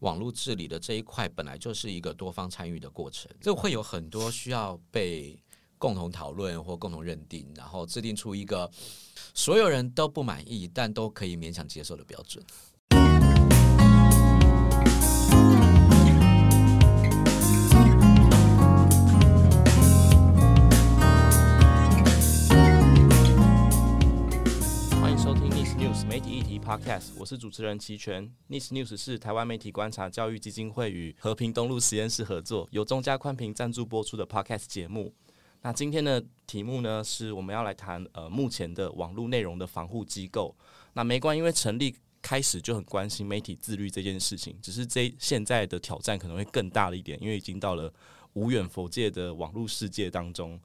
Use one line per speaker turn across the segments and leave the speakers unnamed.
網絡治理的這一塊本來就是一個多方參與的過程，就會有很多需要被共同討論或共同認定，然後制定出一個所有人都不滿意但都可以勉強接受的標準。
媒體議題 Podcast，我是主持人齊全。Niche News 是台灣媒體觀察教育基金會與和平東路實驗室合作，由中嘉寬頻贊助播出的 Podcast 節目。那今天的題目呢，是我們要來談呃目前的網絡內容的防護機構。那媒觀，因為成立開始就很關心媒體自律這件事情，只是這現在的挑戰可能會更大了一點，因為已經到了無遠弗屆的網絡世界當中。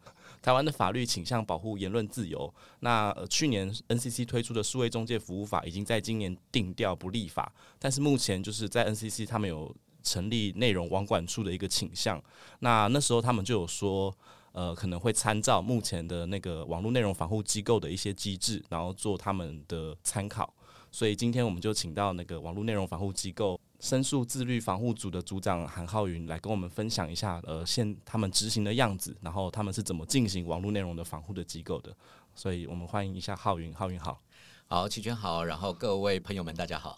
台灣的法律傾向保護言論自由。那，呃，去年 NCC 推出的數位中介服務法已經在今年定調不立法，但是目前就是在 NCC 他們有成立內容網管處的一個傾向。那那時候他們就有說，呃，可能會參照目前的那個網絡內容防護機構的一些機制，然後做他們的參考。所以今天我們就請到那個網絡內容防護機構申訴自律防護組的組長韓昊雲來跟我們分享一下，呃，現他們執行的樣子，然後他們是怎麼進行網絡內容的防護的機構的。所以我們歡迎一下昊雲。昊雲好，好齊全好，然後各位朋友們大家好。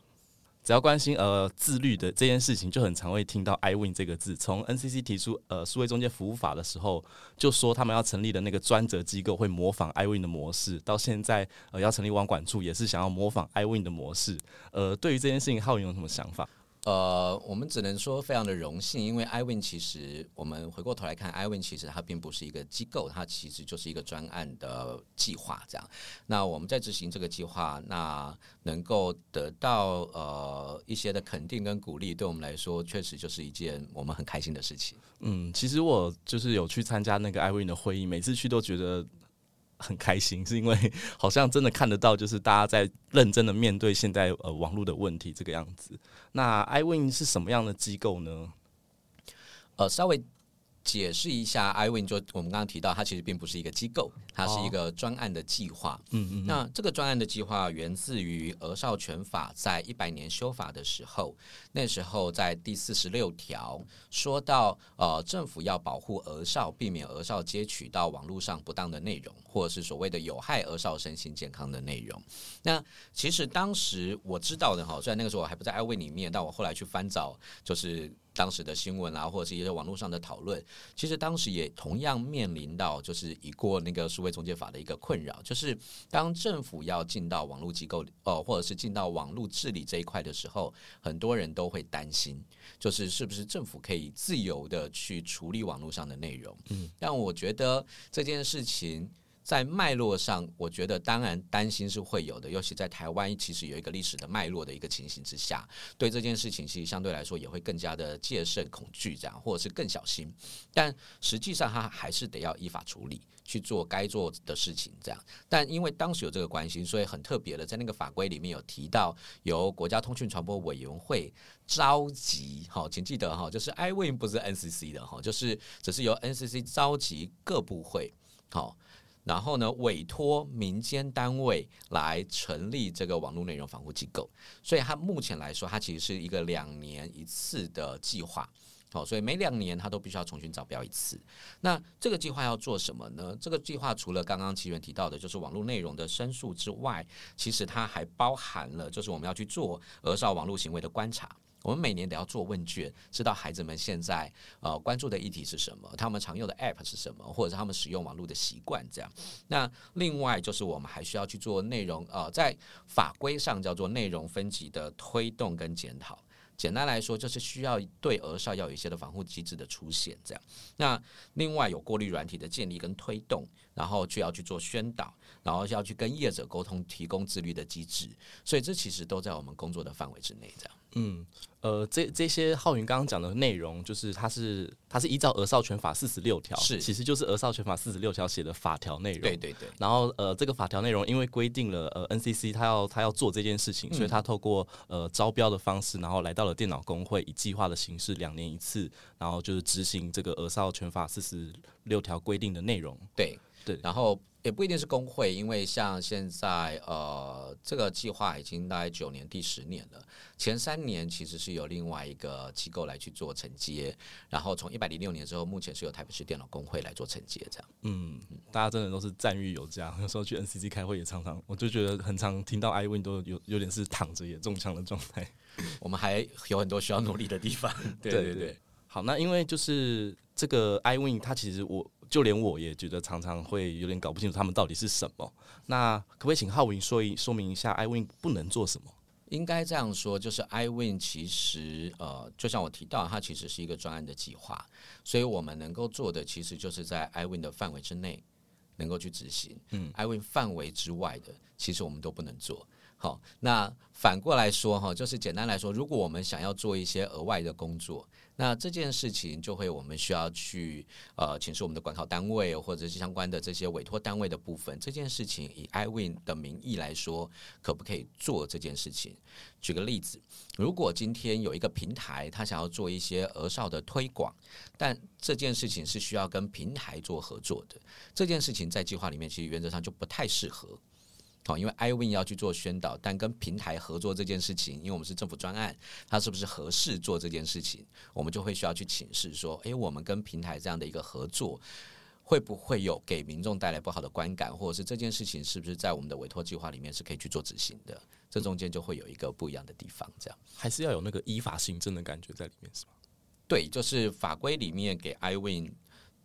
只要關心呃自律的這件事情，就很常會聽到 iWIN 這個字。從 NCC 提出呃數位中介服務法的時候，就說他們要成立的那個專責機構會模仿 iWIN 的模式，到現在呃要成立網管處，也是想要模仿 iWIN 的模式。呃，對於這件事情，昊雲有什麼想法？
呃，我們只能說非常的榮幸，因為 iWIN 其實我們回過頭來看，iWIN 其實它並不是一個機構，它其實就是一個專案的計劃這樣。那我們在執行這個計劃，那能夠得到呃一些的肯定跟鼓勵，對我們來說確實就是一件我們很開心的事情。嗯，
其實我就是有去參加那個 iWIN 的會議，每次去都覺得。很開心，是因為好像真的看得到，就是大家在認真的面對現在呃網絡的問題這個樣子。那
iWIN 是什麼樣的機構呢？呃，稍微。解釋一下，iWIN 就我們剛剛提到，它其實並不是一個機構，它是一個專案的計劃。哦、嗯，嗯嗯。那這個專案的計劃源自於《兒少權法》在一百年修法的時候，那時候在第四十六條說到，呃，政府要保護兒少，避免兒少接取到網絡上不當的內容，或者是所謂的有害兒少身心健康的內容。那其實當時我知道的哈，雖然那個時候我還不在 iWIN 裡面，但我後來去翻找，就是。當時的新聞啊，或者是一些網絡上的討論，其實當時也同樣面臨到，就是已過那個數位中介法的一個困擾，就是當政府要進到網絡機構裡，呃，或者是進到網絡治理這一塊的時候，很多人都會擔心，就是是不是政府可以自由的去處理網絡上的內容？嗯，但我覺得這件事情。在脈絡上，我覺得當然擔心是會有的，尤其在台灣其實有一個歷史的脈絡的一個情形之下，對這件事情其實相對來說也會更加的戒慎恐懼，這樣或者是更小心。但實際上他還是得要依法處理，去做該做的事情，這樣。但因為當時有這個關係，所以很特別的，在那個法規裡面有提到，由國家通訊傳播委員會召集，好、哦，請記得哈，就是 iWIN 不是 NCC 的哈，就是只是由 NCC 召集各部會，好、哦。然後呢，委托民間單位來成立這個網絡內容防護機構，所以它目前來說，它其實是一個兩年一次的計劃，好、哦，所以每兩年它都必須要重新招標一次。那這個計劃要做什麼呢？這個計劃除了剛剛奇源提到的就是網絡內容的申訴之外，其實它還包含了就是我們要去做兒少網絡行為的觀察。我們每年都要做問卷，知道孩子們現在呃關注的議題是什麼，他們常用的 App 是什麼，或者是他們使用網絡的習慣這樣。那另外就是我們還需要去做內容呃，在法規上叫做內容分級的推動跟檢討。簡單來說，就是需要對兒少要有一些的防護機制的出現這樣。那另外有過濾軟體的建立跟推動，然後就要去做宣導，然後要去跟業者溝通，提供自律的機制。所以這其實都在我們工作的範圍之內這樣。
嗯。呃，這這些浩雲剛剛講的內容，就是他是他是依照《俄少權法》四十六條，是其實就是《俄少權法》四十六條寫的法條內容。對對對。然後呃，這個法條內容因為規定了呃，NCC 他要他要做這件事情，嗯、所以他透過呃招標的方式，然後來到了電腦工會，以計劃的形式兩年一次，然後就是執行這個《俄少權法》四十
六條規定的內容。對對，然後。也不一定是公會，因為像現在，呃，這個計劃已經大概九年，第十年了。前三年其實是有另外一個機構來去做承接，然後從一百零六年之後，目前是由台北市電腦公會來做承接。這樣
嗯，嗯，大家真的都是讚譽有加。有時候去 NCC 開會也常常，我就覺得很常聽到 iWIN 都有有點是躺着也中槍的狀態、嗯。我們還有
很多需要努力的地方。 對，對，對，對，對
對對。好，那因為就是這個 iWIN，它其實我。就連我也覺得常常會有點搞不清楚他們到底是什麼。那可不可以請昊
雲說一說明一下，iWIN 不能做什麼？應該這樣說，就是 iWIN 其實呃，就像我提到，它其實是一個專案的計劃，所以我們能夠做的其實就是在 iWIN 的範圍之內能夠去執行。嗯，iWIN 範圍之外的，其實我們都不能做。好，那反過來說哈，就是簡單來說，如果我們想要做一些額外的工作。那這件事情就會，我們需要去呃，請示我們的管考單位或者是相關的這些委托單位的部分。這件事情以 iWIN 的名義來說，可不可以做這件事情？舉個例子，如果今天有一個平台，他想要做一些兒少的推廣，但這件事情是需要跟平台做合作的，這件事情在計劃裡面其實原則上就不太適合。因為 iWIN 要去做宣導，但跟平台合作這件事情，因為我們是政府專案，它是不是合適做這件事情，我們就會需要去請示說，誒，我們跟平台這樣的一個合作，會不會有給民眾帶來不好的觀感，或者是這件事情是不是在我們的委托計劃裡面是可以去做執行的？這中間就會有一個不一樣的地方，這樣還是要有那個依法行政的感覺在裡面，是吧？對，就是法規裡面給 iWIN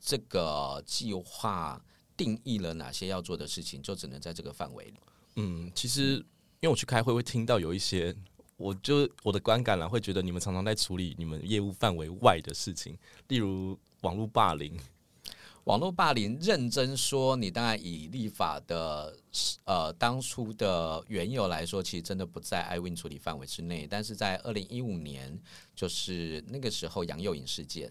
這個計劃定義了哪些要做的事情，就只能在這個範圍。
嗯，其實因為我去開會會聽到有一些，我就我的觀感啦，會覺得你們常常在處理你們業務範圍外的事情，例如網絡霸凌。
網絡霸凌，認真說，你當然以立法的呃當初的緣由來說，其實真的不在 iWIN 處理範圍之內。但是在二零一五年，就是那個時候楊又穎事件，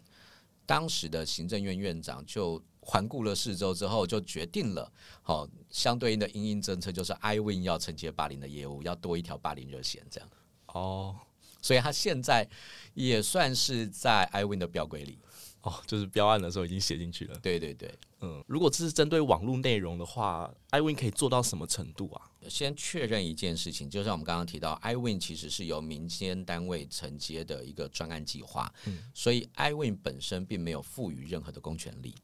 當時的行政院院長就。環顧了四周之後，就決定了好、哦、相對應的因應政策，就是 iWIN 要承接80的業務，要多一條80熱線這樣。哦、oh,，所以他現在也算是在 iWIN 的標規裡哦，oh, 就是標案的時候已經寫進去了。對對對，嗯，
如果這是針對網絡內容的話，iWIN 可以做到什麼程度啊？
先確認一件事情，就像我們剛剛提到，iWIN 其實是由民間單位承接的一個專案計劃，嗯、所以 iWIN 本身並沒有賦予任何的公權力。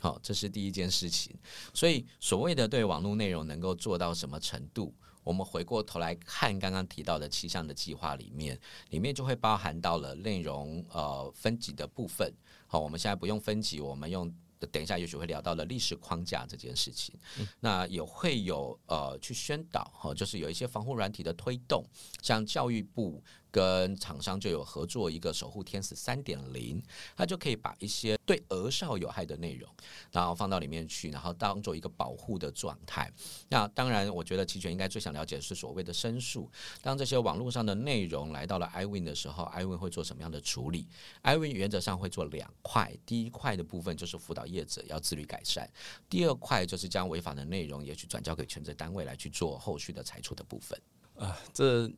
好，這是第一件事情。所以所謂的對網絡內容能夠做到什麼程度，我們回過頭來看剛剛提到的七項的計劃裡面，裡面就會包含到了內容呃分級的部分。好、哦，我們現在不用分級，我們用等一下，也許會聊到了例示框架這件事情。嗯、那也會有呃去宣導，哈、哦，就是有一些防護軟體的推動，像教育部，跟廠商就有合作，一個守護天使三點零，它就可以把一些對兒少有害的內容，然後放到裡面去，然後當做一個保護的狀態。那當然，我覺得齊全應該最想了解的是所謂的申訴。當這些網絡上的內容來到了 iWIN 的時候，iWIN 會做什麼樣的處理？iWIN 原則上會做兩塊，第一塊的部分就是輔導業者要自律改善，第二塊就是將違法的內容也去轉交給權責單位來去做後續的裁處的部分。啊、呃，這。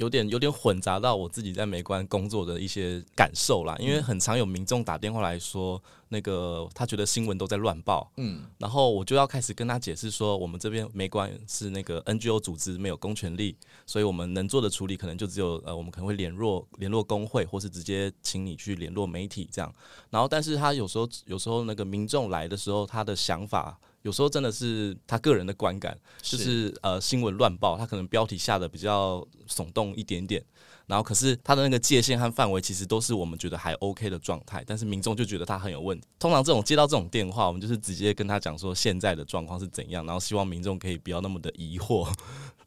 有點有點混雜到我自己在媒
觀工作的一些感受啦，嗯、因為很常有民眾打電話來說，那個他覺得新聞都在亂報，嗯，然後我就要開始跟他解釋說，我們這邊媒觀是那個 NGO 組織，沒有公權力，所以我們能做的處理可能就只有呃，我們可能會聯絡聯絡工會，或是直接請你去聯絡媒體這樣。然後，但是他有時候有時候那個民眾來的時候，他的想法，有時候真的是他個人的觀感，就是，是呃新聞亂報，他可能標題下的比較聳動一點點，然後可是他的那個界限和範圍其實都是我們覺得還 OK 的狀態，但是民眾就覺得他很有問題。通常這種接到這種電話，我們就是直接跟他講說現在的狀況是怎樣，然後希望民眾可以不要那麼的疑惑，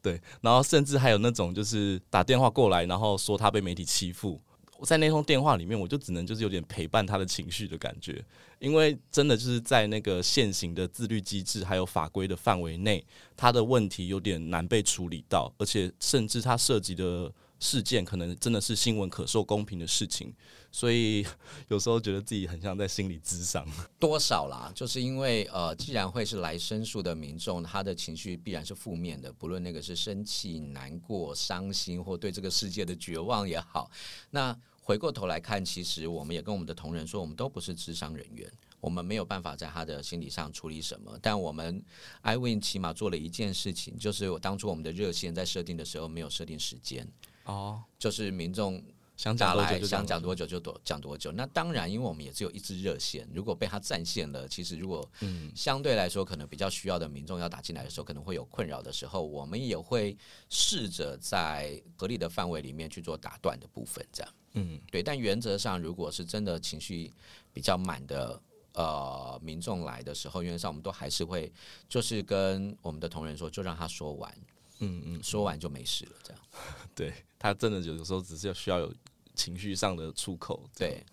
對，然後甚至還有那種就是打電話過來，然後說他被媒體欺負。在那通電話裡面，我就只能就是有點陪伴他的情緒的感覺，因為真的就是在那個現行的自律機制還有法規的範圍內，他的問題有點難被處理到，而且甚至他涉及的事件可能真的是新聞可受公平的事情，所以有時候覺得自己很像在心理諮商。多
少啦，就是因為呃，既然會是來申訴的民眾，他的情緒必然是負面的，不論那個是生氣、難過、傷心或對這個世界的絕望也好，那。回過頭來看，其實我們也跟我們的同仁說，我們都不是諮商人員，我們沒有辦法在他的心理上處理什麼。但我們 iWIN 起碼做了一件事情，就是我當初我們的熱線在設定的時候沒有設定時間，哦、oh.，就是民眾，想打來想講多久就多講多久。那當然，因為我們也只有一支熱線，如果被他佔線了，其實如果嗯，相對來說可能比較需要的民眾要打進來的時候，可能會有困擾的時候，我們也會試着在合理的範圍裡面去做打斷的部分，這樣。嗯，對。但原則上，如果是真的情緒比較滿的呃民眾來的時候，原則上我們都還是會就是跟我們的同仁說，就讓他說完。嗯嗯，說完就沒事了，這樣。對，他真的有的時候只是要需要有
情緒上的出口對。對，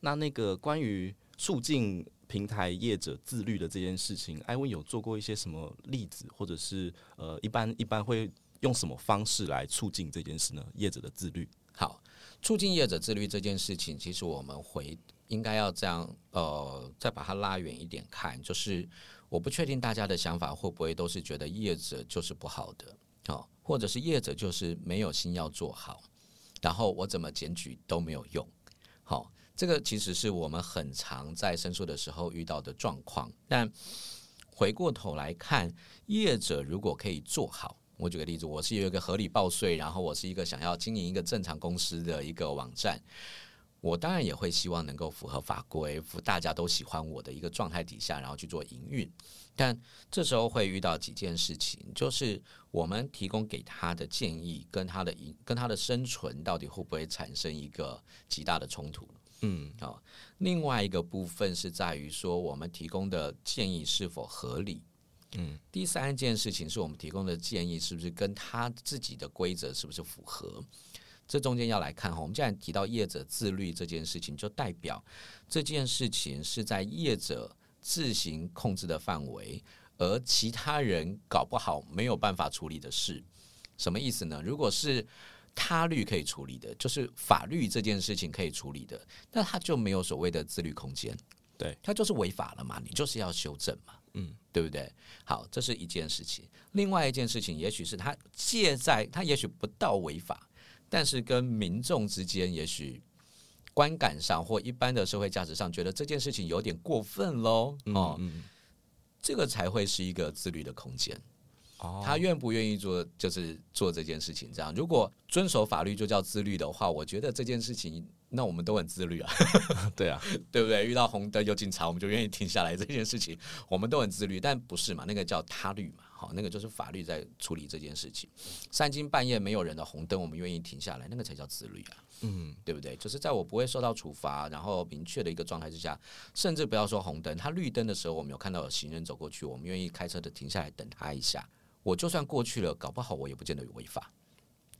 那那個關於促進平台業者自律的這件事情，iWIN 有做過一些什麼例子，或者是呃，一般
一般會用什麼方式來促進這件事呢？業者的自律。好，促進業者自律這件事情，其實我們回，應該要這樣，呃，再把它拉遠一點看，就是我不確定大家的想法會不會都是覺得業者就是不好的。哦，或者是業者就是沒有心要做好，然後我怎麼檢舉都沒有用。好、哦，這個其實是我們很常在申訴的時候遇到的狀況。但回過頭來看，業者如果可以做好，我舉個例子，我是有一個合理報稅，然後我是一個想要經營一個正常公司的一個網站，我當然也會希望能夠符合法規，符合大家都喜歡我的一個狀態底下，然後去做營運。但這時候會遇到幾件事情，就是我們提供給他的建議，跟他的跟他的生存到底會不會產生一個極大的衝突？嗯，好、哦。另外一個部分是在於說，我們提供的建議是否合理？嗯。第三件事情是我們提供的建議是不是跟他自己的規則是不是符合？這中間要來看哈。我們既然提到業者自律這件事情，就代表這件事情是在業者，自行控制的範圍，而其他人搞不好沒有辦法處理的事，什麼意思呢？如果是他律可以處理的，就是法律這件事情可以處理的，那他就沒有所謂的自律空間。對，他就是違法了嘛，你就是要修正嘛，嗯，對不對？好，這是一件事情。另外一件事情，也許是他介在，他也許不到違法，但是跟民眾之間也許。觀感上或一般的社會價值上，覺得這件事情有點過分嘍、嗯嗯，哦，這個才會是一個自律的空間。哦、他願不願意做，就是做這件事情。這樣，如果遵守法律就叫自律的話，我覺得這件事情，那我們都很自律啊。 對啊， 對不對？遇到紅燈有警察，我們就願意停下來。這件事情，我們都很自律，但不是嘛？那個叫他律嘛。好，那個就是法律在處理這件事情。三更半夜沒有人的紅燈，我們願意停下來，那個才叫自律啊！嗯，對不對？就是在我不會受到處罰，然後明確的一個狀態之下，甚至不要說紅燈，他綠燈的時候，我們有看到有行人走過去，我們願意開車的停下來等他一下。我就算過去了，搞不好我也不見得違法。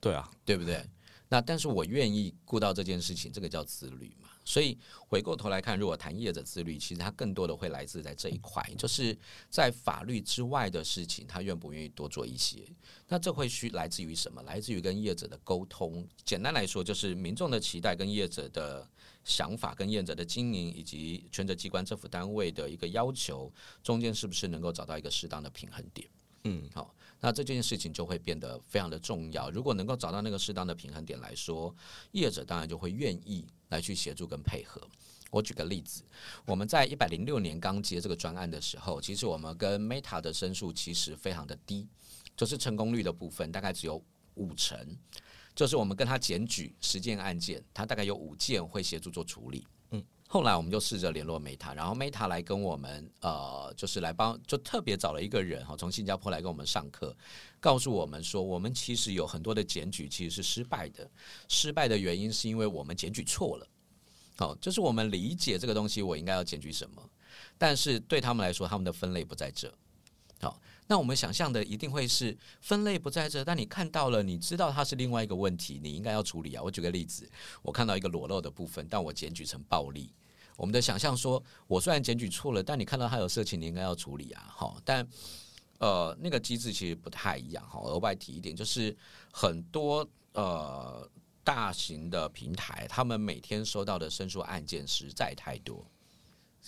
對啊，對不對？那但是我願意顧到這件事情，這個叫自律嘛？所以回過頭來看，如果談業者自律，其實他更多的會來自在這一塊，就是在法律之外的事情，他願不願意多做一些？那這會需來自於什麼？來自於跟業者的溝通。簡單來說，就是民眾的期待、跟業者的想法、跟業者的經營，以及權責機關、政府單位的一個要求，中間是不是能夠找到一個適當的平衡點？嗯，好，那這件事情就會變得非常的重要。如果能夠找到那個適當的平衡點來說，業者當然就會願意。來去協助跟配合。我舉個例子，我們在一百零六年剛接這個專案的時候，其實我們跟 Meta 的申訴其實非常的低，就是成功率的部分大概只有五成。就是我們跟他檢舉十件案件，它大概有五件會協助做處理。後來我們就試着聯絡 Meta，然後 Meta 來跟我們，呃，就是來幫，就特別找了一個人哈，從新加坡來跟我們上課，告訴我們說，我們其實有很多的檢舉其實是失敗的，失敗的原因是因為我們檢舉錯了，好、哦，就是我們理解這個東西，我應該要檢舉什麼，但是對他們來說，他們的分類不在這，好、哦，那我們想象的一定會是分類不在這，但你看到了，你知道它是另外一個問題，你應該要處理啊。我舉個例子，我看到一個裸露的部分，但我檢舉成暴力。我們的想象說，我雖然檢舉錯了，但你看到他有色情，你應該要處理啊，哈。但呃，那個機制，其實不太一樣哈。額外提一點，就是很多呃大型的平台，他們每天收到的申訴案件實在太多，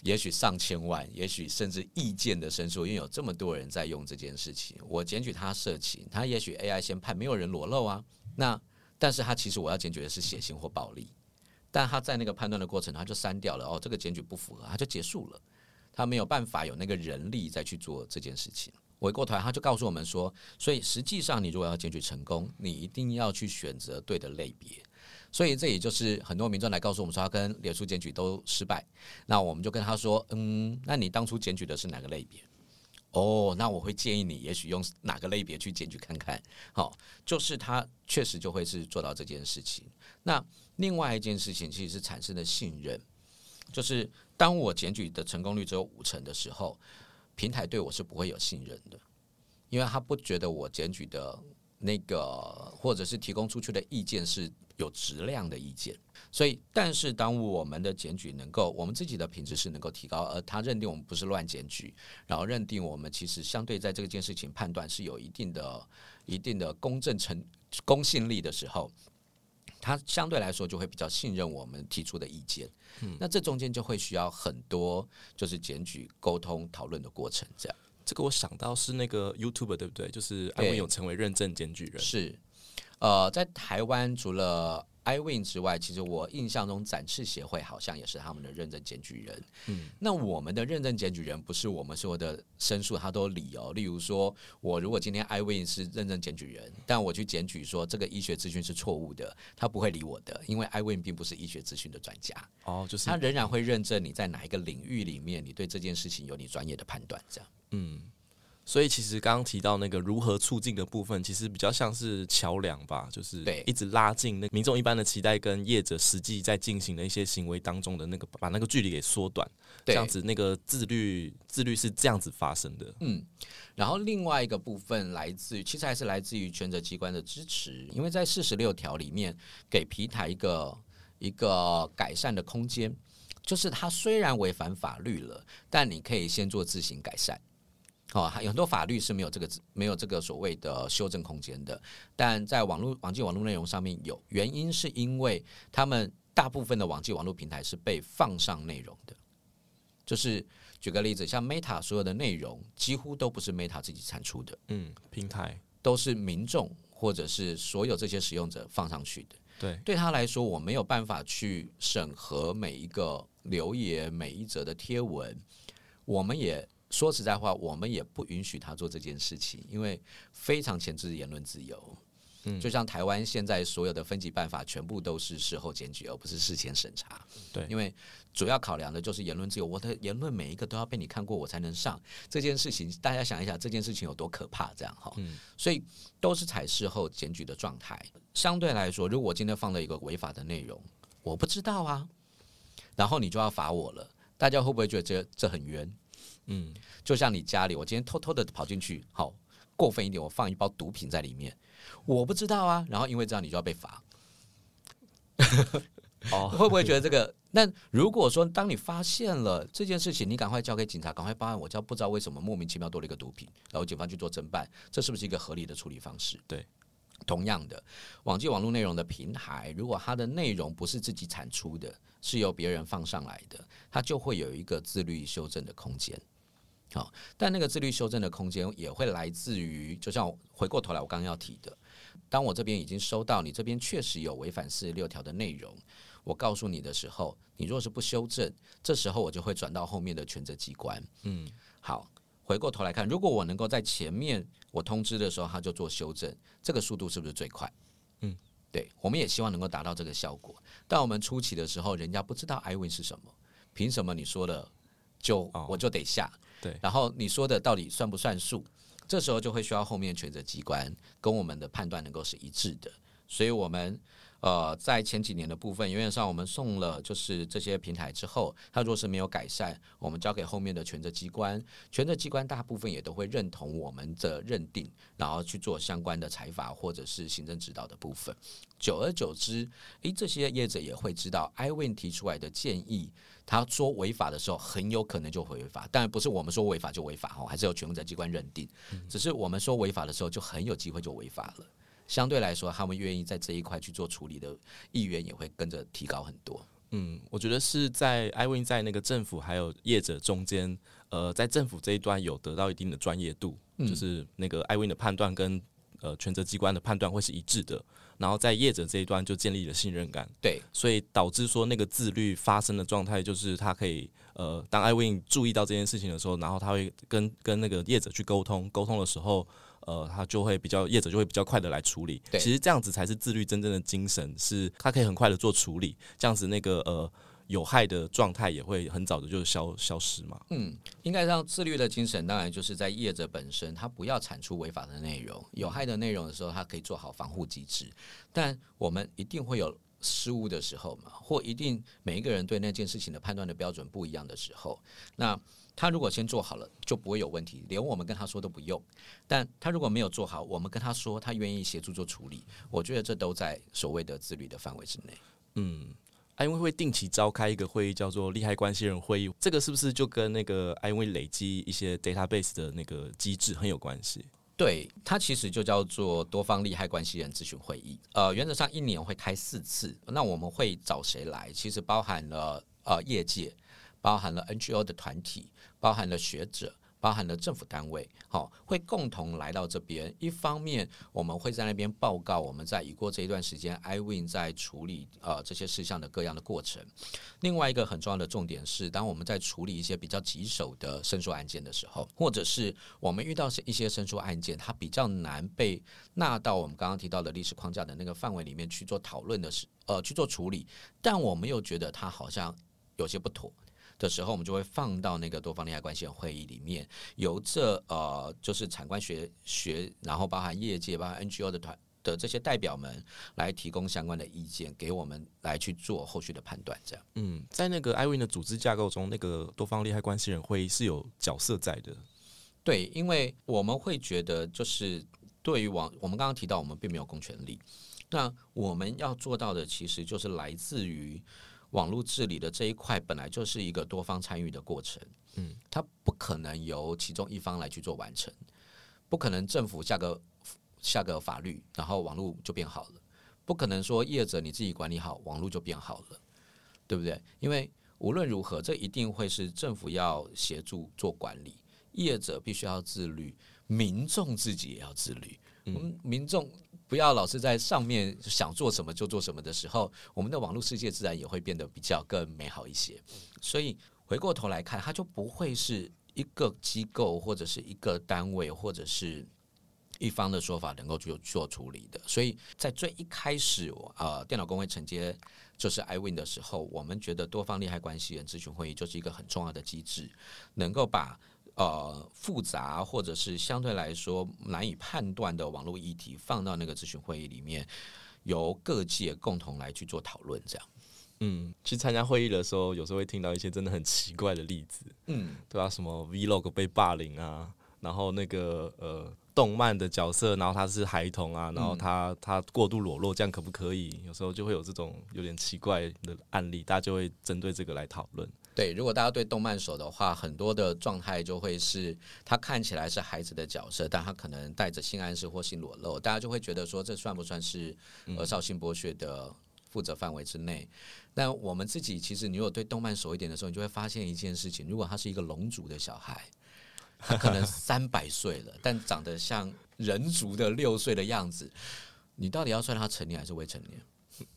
也許上千萬，也許甚至億件的申訴，因為有這麼多人在用這件事情。我檢舉他色情，他也許 AI 先判沒有人裸露啊，那但是他其實我要檢舉的是血腥或暴力。但他在那個判斷的過程，他就刪掉了哦，這個檢舉不符合，他就結束了，他沒有辦法有那個人力再去做這件事情。回過頭來，他就告訴我們說，所以實際上你如果要檢舉成功，你一定要去選擇對的類別。所以這也就是很多民眾來告訴我們說，他跟臉書檢舉都失敗，那我們就跟他說，嗯，那你當初檢舉的是哪個類別？哦，那我會建議你，也許用哪個類別去檢舉看看。好、哦，就是他確實就會是做到這件事情。那。另外一件事情其實是產生的信任，就是當我檢舉的成功率只有五成的時候，平台對我是不會有信任的，因為他不覺得我檢舉的那個或者是提供出去的意見是有質量的意見。所以，但是當我們的檢舉能夠，我們自己的品質是能夠提高，而他認定我們不是亂檢舉，然後認定我們其實相對在這件事情判斷是有一定的、一定的公正成公信力的時候。他相對來說就會比較信任我們提出的意見，嗯，那這中間就會需要很多就是檢舉、溝通、討論的過程，這樣。這個我想到是那個 YouTube，對不對？就是安文勇成為認證檢舉人是，呃，在台灣除了。iWIN 之外，其實我印象中展翅協會好像也是他們的認證檢舉人。嗯，那我們的認證檢舉人不是我們所有的申訴他都有理由。例如說，我如果今天 iWIN 是認證檢舉人，但我去檢舉說這個醫學資訊是錯誤的，他不會理我的，因為 iWIN 並不是醫學資訊的專家。哦，就是他仍然會認證你在哪一個領域裡面，你對這件事情有你專業的判斷，這樣。嗯。所以，其實剛剛提到那個如何促進的部
分，其實比較像是橋梁吧，就是一直拉近那民眾一般的期待跟業者實際在進行的一些行為當中的那個把那個距離給縮短對，這樣子那個自律
自律是這樣子發生的。
嗯，
然後另外一個部分來自於其實還是來自於權責機關的支持，因為在四十六條裡面給平台一個一個改善的空間，就是它雖然違反法律了，但你可以先做自行改善。哦，還有很多法律是沒有這個、沒有這個所謂的修正空間的。但在網絡、網際網絡內容上面有，原因是因為他們大部分的網際網絡平台是被放上內容的。就是舉個例子，像 Meta 所有的內容幾乎都不是 Meta 自己產出的，嗯，平台都是民眾或者是所有這些使用者放上去的。對，對他來說，我沒有辦法去審核每一個留言、每一則的貼文，我們也。說實在話，我們也不允許他做這件事情，因為非常前置言論自由。嗯，就像台灣現在所有的分級辦法，全部都是事後檢舉，而不是事前審查。對，因為主要考量的就是言論自由。我的言論每一個都要被你看過，我才能上這件事情。大家想一想，這件事情有多可怕？這樣哈，嗯，所以都是採事後檢舉的狀態。相對來說，如果我今天放了一個違法的內容，我不知道啊，然後你就要罰我了。大家會不會覺得這這很冤？嗯，就像你家裡，我今天偷偷的跑進去，好過分一點，我放一包毒品在裡面，我不知道啊。然後因為這樣，你就要被罰。哦， 會不會覺得這個？那 如果說當你發現了這件事情，你趕快交給警察，趕快報案。我就不知道為什麼莫名其妙多了一個毒品，然後警方去做偵辦，這是不是一個合理的處理方式？對，同樣的，網際網絡內容的平台，如果它的內容不是自己產出的，是由別人放上來的，它就會有一個自律修正的空間。但那個自律修正的空間也會來自於，就像回過頭來我剛剛要提的，當我這邊已經收到你這邊確實有違反四十六條的內容，我告訴你的時候，你若是不修正，這時候我就會轉到後面的權責機關。嗯，好，回過頭來看，如果我能夠在前面我通知的時候他就做修正，這個速度是不是最快？嗯，對，我們也希望能夠達到這個效果。但我們初期的時候，人家不知道 iWIN 是什麼，憑什麼你說的？就、哦、我就得下，對，然後你說的到底算不算數？這時候就會需要後面權責機關跟我們的判斷能夠是一致的，所以我們。呃，在前幾年的部分，因為像我們送了就是這些平台之後，他若是沒有改善，我們交給後面的權責機關，權責機關大部分也都會認同我們的認定，然後去做相關的裁罰或者是行政指導的部分。久而久之，誒，這些業者也會知道，iWIN 提出來的建議，他說違法的時候，很有可能就會違法。但不是我們說違法就違法哦，還是由權責機關認定。只是我們說違法的時候，就很有機會就違法了。相對來說，他們願意在這一塊去做處理的意願也會跟着提高很多。嗯，我覺得是在 iWIN 在那個政府還有業者中間，
呃，在政府這一端有得到一定的專業度，嗯、就是那個 iWIN 的判斷跟呃權責機關的判斷會是一致的。然後在業者這一端就建立了信任感。對，所以導致說那個自律發生的狀態，就是他可以呃，當 iWIN 注意到這件事情的時候，然後他會跟跟那個業者去溝通，溝通的時候。呃，他就會比較，業者就會比較快的來處理。對，其實這樣子才是自律真正的精神，是他可以很快的做處理，這樣子那個呃有害的狀態也會很早的就消消失嘛。嗯，
應該讓自律的精神，當然就是在業者本身，他不要產出違法的內容、有害的內容的時候，他可以做好防護機制。但我們一定會有失誤的時候嘛，或一定每一個人對那件事情的判斷的標準不一樣的時候，那。他如果先做好了，就不會有問題，連我們跟他說都不用。但他如果沒有做好，我們跟他說，他願意協助做處理，我覺得這都在所謂的自律的範圍之內。嗯
，iWIN 會定期召開一個會議，叫做利害關係人會議，這個是不是就跟那個 iWIN 累積一些 database 的那個機制很有關係？
對，它其實就叫做多方利害關係人諮詢會議。呃，原則上一年會開四次。那我們會找誰來？其實包含了呃業界，包含了 NGO 的團體。包含了學者，包含了政府單位，好，會共同來到這邊。一方面，我們會在那邊報告我們在已過這一段時間，iWIN 在處理呃這些事項的各樣的過程。另外一個很重要的重點是，當我們在處理一些比較棘手的申訴案件的時候，或者是我們遇到一些申訴案件，它比較難被納到我們剛剛提到的例示框架的那個範圍裡面去做討論的事，呃，去做處理。但我們又覺得它好像有些不妥。的時候，我們就會放到那個多方利害關係人會議裡面，由這呃，就是產官學學，然後包含業界、包含 NGO 的團的這些代表們來提供相關的意見，給我們來去做後續的判斷。這樣，嗯，在那個 iWIN 的組織架構中，那個多方利害關係人會議是有角色在的。對，因為我們會覺得，就是對於往我們剛剛提到，我們並沒有公權力，那我們要做到的，其實就是來自於。網絡治理的這一塊本來就是一個多方參與的過程，嗯，它不可能由其中一方來去做完成，不可能政府下個下個法律，然後網絡就變好了，不可能說業者你自己管理好，網絡就變好了，對不對？因為無論如何，這一定會是政府要協助做管理，業者必須要自律，民眾自己也要自律，嗯，民眾。不要老是在上面想做什麼就做什麼的時候，我們的網絡世界自然也會變得比較更美好一些。所以回過頭來看，它就不會是一個機構或者是一個單位或者是一方的說法能夠去做處理的。所以在最一開始，啊、呃，電腦公會承接就是 iWIN 的時候，我們覺得多方利害關係人諮詢會議就是一個很重要的機制，能夠把。呃，複雜或者是相對來說難以判斷的網絡議題，放到那個諮詢會議裡面，由各界共同來去做討論。這樣，
嗯，去參加會議的時候，有時候會聽到一些真的很奇怪的例子，嗯，對吧、啊？什麼 Vlog 被霸凌啊，然後那個呃，動漫的角色，然後他是孩童啊，然後他、嗯、他過度裸露，這樣可不可以？有時候就會有這種有點奇怪的
案例，大家就會針對這個來討論。對，如果大家對動漫熟的話，很多的狀態就會是，他看起來是孩子的角色，但他可能帶着性暗示或性裸露，大家就會覺得說，這算不算是兒少性剝削的負責範圍之內？那、嗯、我們自己其實，你如果對動漫熟一點的時候，你就會發現一件事情，如果他是一個龍族的小孩，他可能三百歲了， 但長得像人族的六歲的樣子，你到底要算他成年還是未成年？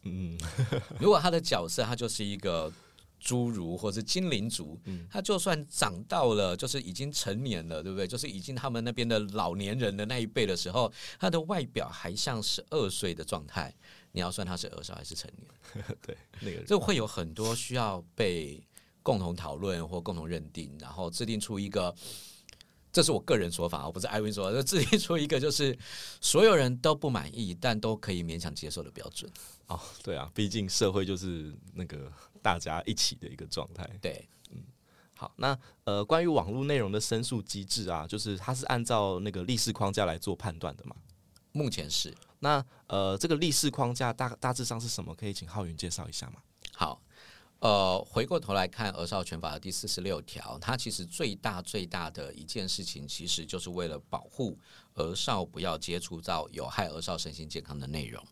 嗯， 如果他的角色，他就是一個。侏儒，或是精靈族，他就算長到了就是已經成年了，對不對？就是已經他們那邊的老年人的那一輩的時候，他的外表還像十二歲的狀態，你要算他是兒少還是成年？ 對，那個人就會有很多需要被共同討論或共同認定，然後制定出一個。這是我個人說法，我不是 iWIN 說法，就制定出一個就是所有人都不滿意但都可以勉強接受的標準。哦，對啊，
畢竟社會就是那個大家一起的一個狀態。
對，嗯，好，那呃，關於網絡內
容的申訴機制啊，就是它是按照那個例示框架來做判斷的嘛？目前是。那呃，這個例示框架大大致上是什麼？可以請昊雲介紹一下嗎？
好。呃，回過頭來看《兒少權法》的第四十六條，它其實最大最大的一件事情，其實就是為了保護兒少不要接觸到有害兒少身心健康的內容。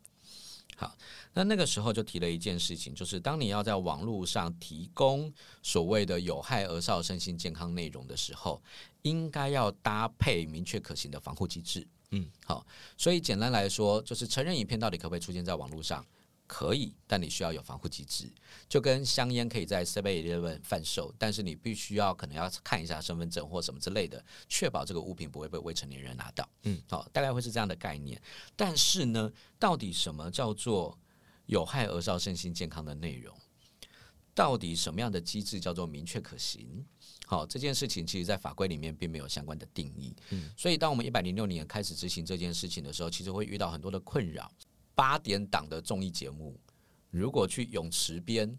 好，那那個時候就提了一件事情，就是當你要在網絡上提供所謂的有害兒少身心健康內容的時候，應該要搭配明確可行的防護機制。嗯，好，所以簡單來說，就是成人影片到底可不可以出現在網絡上？可以，但你需要有防護機制，就跟香煙可以在7-11販售，但是你必須要可能要看一下身份證或什麼之類的，確保這個物品不會被未成年人拿到。嗯，好、哦，大概會是這樣的概念。但是呢，到底什麼叫做有害兒少身心健康的內容？到底什麼樣的機制叫做明確可行？好、哦，這件事情其實，在法規裡面並沒有相關的定義。嗯，所以當我們一百零六年開始執行這件事情的時候，其實會遇到很多的困擾。八點檔的綜藝節目，如果去泳池邊，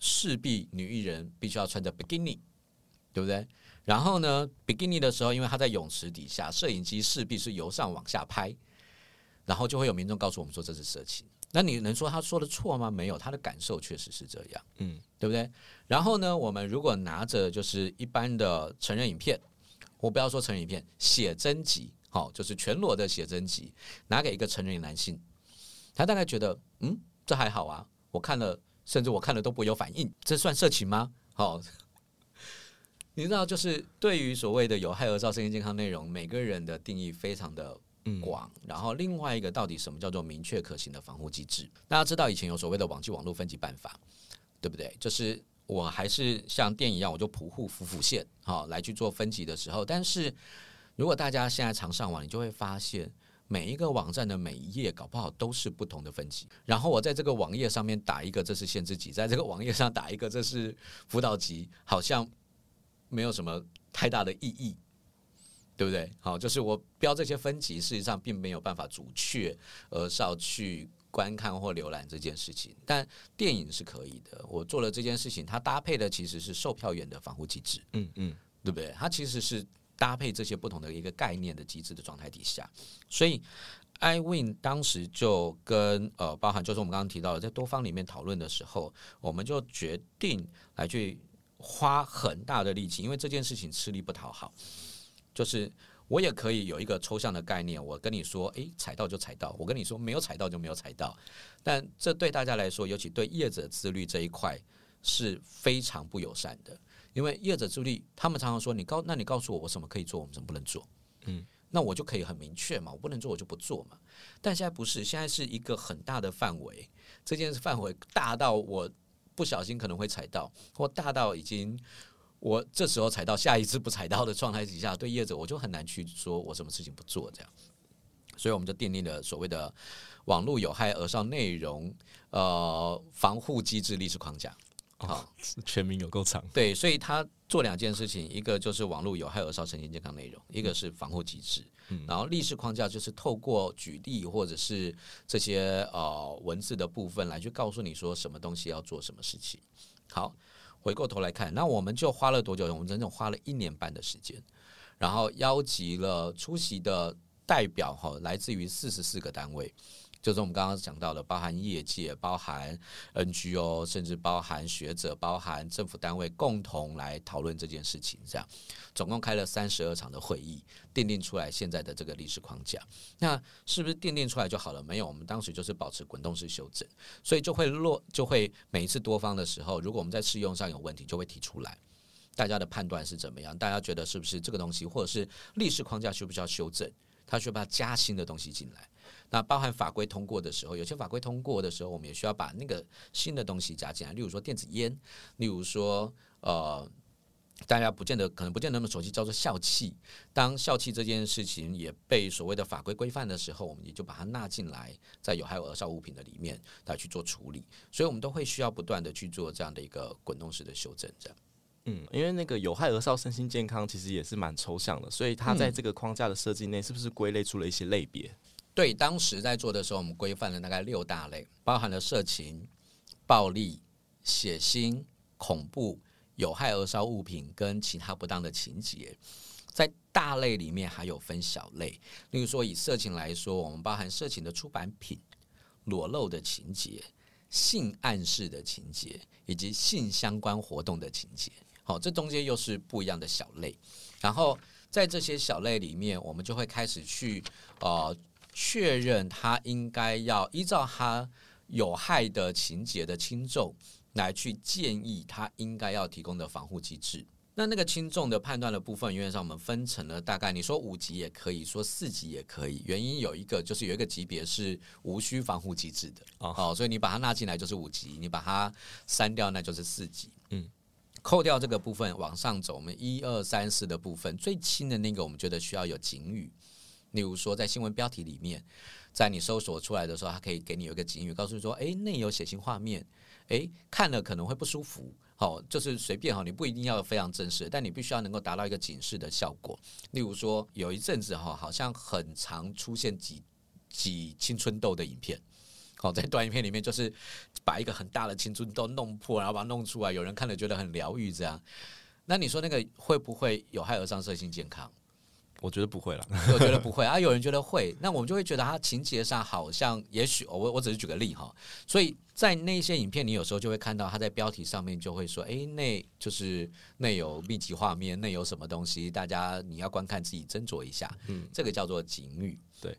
勢必女藝人必須要穿着比基尼，對不對？然後呢，比基尼的時候，因為她在泳池底下，攝影機勢必是由上往下拍，然後就會有民眾告訴我們說這是色情。那你能說他說的錯嗎？沒有，他的感受確實是這樣，嗯，對不對？然後呢，我們如果拿着就是一般的成人影片，我不要說成人影片，寫真集，好、哦，就是全裸的寫真集，拿給一個成人男性。他大概覺得，嗯，這還好啊。我看了，甚至我看了都不會有反應，這算色情嗎？好、哦，你知道，就是對於所謂的有害兒少身心健康內容，每個人的定義非常的廣。嗯、然後，另外一個到底什麼叫做明確可行的防護機制？大家知道以前有所謂的網際網路分級辦法，對不對？就是我還是像電影一樣，我就普護浮浮浮、輔輔限，好來去做分級的時候。但是如果大家現在常上網，你就會發現。每一個網站的每一頁，搞不好都是不同的分級。然後我在這個網頁上面打一個，這是限制級；在這個網頁上打一個，這是輔導級，好像沒有什麼太大的意義，對不對？好，就是我標這些分級，實際上並沒有辦法準確兒少去觀看或瀏覽這件事情。但電影是可以的，我做了這件事情，它搭配的其實是售票員的防護機制。嗯嗯，對不對？它其實是。搭配這些不同的一個概念的機制的狀態底下，所以 iWIN 當時就跟，呃，包含就是我們剛剛提到的，在多方裡面討論的時候，我們就決定來去花很大的力氣，因為這件事情吃力不討好。就是我也可以有一個抽象的概念，我跟你說，誒、欸，踩到就踩到，我跟你說沒有踩到就沒有踩到，但這對大家來說，尤其對業者自律這一塊是非常不友善的。因為業者助力，他們常常說：“你告，那你告訴我，我什麼可以做，我們什麼不能做？”嗯，那我就可以很明確嘛，我不能做，我就不做嘛。但現在不是，現在是一個很大的範圍，這件事範圍大到我不小心可能會踩到，或大到已經我這時候踩到，下一次不踩到的狀態底下，對業者我就很難去說我什麼事情不做這樣。所以我們就奠定了所謂的網絡有害兒少內容呃防護機制例示框架。好，哦、全名有夠長。對，所以他做兩件事情，一個就是網絡有害兒少身心健康內容，一個是防護機制、嗯。然後例示框架就是透過舉例或者是這些呃文字的部分來去告訴你說什麼東西要做什麼事情。好，回過頭來看，那我們就花了多久？我們整整花了一年半的時間，然後邀集了出席的代表哈，來自於四十四個單位。就是我們剛剛講到的，包含業界、包含 NGO，甚至包含學者、包含政府單位，共同來討論這件事情。這樣，總共開了三十二場的會議，奠定出來現在的這個例示框架。那是不是奠定出來就好了？沒有，我們當時就是保持滾動式修正，所以就會落，就會每一次多方的時候，如果我們在試用上有問題，就會提出來。大家的判斷是怎麼樣？大家覺得是不是這個東西，或者是例示框架需不需要修正？他需要把它加新的東西進來。那包含法規通過的時候，有些法規通過的時候，我們也需要把那個新的東西加進來，例如說電子煙，例如說呃，大家不見得可能不見得那麼熟悉，叫做笑氣。當笑氣這件事情也被所謂的法規規範的時候，我們也就把它納進來，在有害兒少物品的裡面來去做處理。所以，我們都會需要不斷的去做這樣的一個滾動式的修正。這樣，嗯，因為那個有害兒少身心健康其實
也是蠻抽象的，所以它在這個框架的設計內，是不是歸類出了一些類別？嗯
所以當時在做的時候，我們規範了大概六大類，包含了色情、暴力、血腥、恐怖、有害兒少物品跟其他不當的情節。在大類裡面還有分小類，例如說以色情來說，我們包含色情的出版品、裸露的情節、性暗示的情節以及性相關活動的情節。好、哦，這中間又是不一樣的小類。然後在這些小類裡面，我們就會開始去呃。確認他應該要依照他有害的情節的輕重來去建議他應該要提供的防護機制。那那個輕重的判斷的部分，原則上我們分成了大概你說五級也可以說四級也可以。原因有一個就是有一個級別是無需防護機制的，uh -huh. 好，所以你把它納進來就是五級，你把它刪掉那就是四級。嗯、uh -huh.，扣掉這個部分往上走，我們一二三四的部分最輕的那個，我們覺得需要有警語。例如說，在新聞標題裡面，在你搜索出來的時候，它可以給你有一個警語，告訴你說：“哎，那你有血腥畫面，哎，看了可能會不舒服哦。”好，就是隨便哈，你不一定要非常正式，但你必須要能夠達到一個警示的效果。例如說，有一陣子哈，好像很常出現擠擠青春痘的影片，好、哦，在短影片裡面就是把一個很大的青春痘弄破，然後把它弄出來，有人看了覺得很療癒，這樣。那你說那個會不會有害兒少身心健康？我覺得不會了，我覺得不會啊。有人覺得會， 那我們就會覺得它情節上好像也，也許我我只是舉個例哈。所以在那些影片，你有時候就會看到他在標題上面就會說：“哎、欸，那就是內有密集畫面，內有什麼東西，大家你要觀看自己斟酌一下。”嗯，這個叫做警語。對，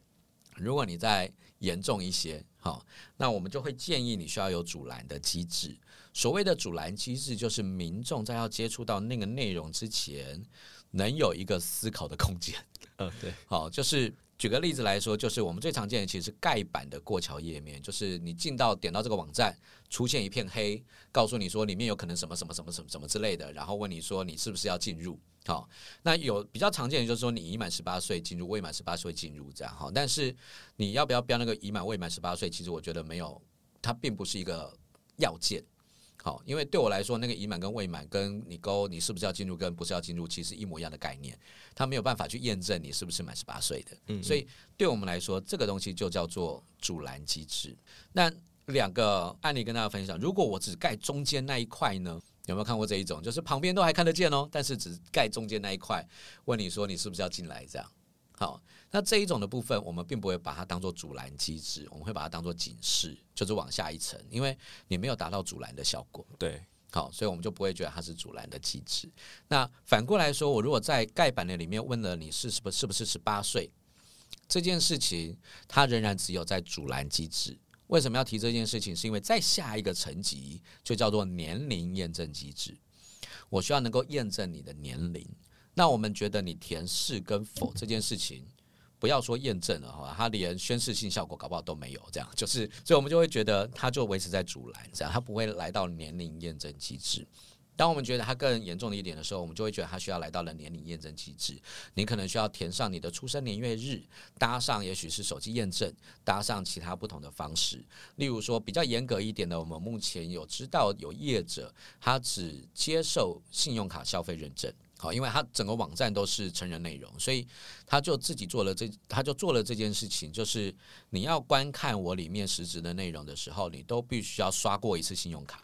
如果你再嚴重一些，好，那我們就會建議你需要有阻攔的機制。所謂的阻攔機制，就是民眾在要接觸到那個內容之前，能有一個思考的空間，嗯、oh，對，好，就是舉個例子來說，就是我們最常見的，其實是蓋板的過橋頁面，就是你進到點到這個網站，出現一片黑，告訴你說裡面有可能什麼什麼什麼什麼什麼之類的，然後問你說你是不是要進入。好，那有比較常見的就是說，你已滿十八歲進入，未滿十八歲進入這樣哈。但是你要不要標那個已滿未滿十八歲，其實我覺得沒有，它並不是一個要件。好，因為對我來說，那個已滿跟未滿，跟你勾你是不是要進入，跟不是要進入，其實一模一樣的概念，他沒有辦法去驗證你是不是滿十八歲的。嗯嗯，所以對我們來說，這個東西就叫做阻攔機制。那兩個案例跟大家分享，如果我只蓋中間那一塊呢？有沒有看過這一種？就是旁邊都還看得見哦，但是只蓋中間那一塊，問你說你是不是要進來這樣？好。那這一種的部分，我們並不會把它當做阻攔機制，我們會把它當做警示，就是往下一層，因為你沒有達到阻攔的效果。對，好，所以我們就不會覺得它是阻攔的機制。那反過來說，我如果在蓋板的裡面問了你是是不是不是十八歲這件事情，它仍然只有在阻攔機制。為什麼要提這件事情？是因為在下一個層級就叫做年齡驗證機制，我需要能夠驗證你的年齡。那我們覺得你填是跟否這件事情。不要說驗證了哈，他連宣示性效果搞不好都沒有，這樣就是，所以我們就會覺得他就維持在阻攔這樣，他不會來到年齡驗證機制。當我們覺得他更嚴重的一點的時候，我們就會覺得他需要來到了年齡驗證機制。你可能需要填上你的出生年月日，搭上也許是手機驗證，搭上其他不同的方式，例如說比較嚴格一點的，我們目前有知道有業者他只接受信用卡消費認證。好，因為他整個網站都是成人內容，所以他就自己做了這，他就做了這件事情，就是你要觀看我裡面實質的內容的時候，你都必須要刷過一次信用卡，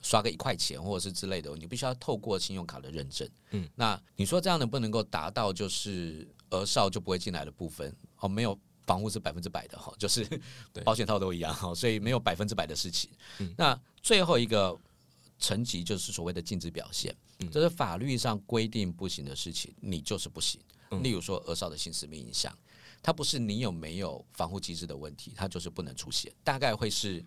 刷個一塊錢或者是之類的，你必須要透過信用卡的認證。嗯，那你說這樣能不能夠達到就是兒少就不會進來的部分？哦，沒有防護是百分之百的哈，就是對保險套都一樣哈，所以沒有百分之百的事情。嗯。那最後一個層級就是所謂的禁止表現。這是法律上規定不行的事情，你就是不行。例如說，兒少的心思沒影響，它不是你有沒有防護機制的問題，它就是不能出現。大概會是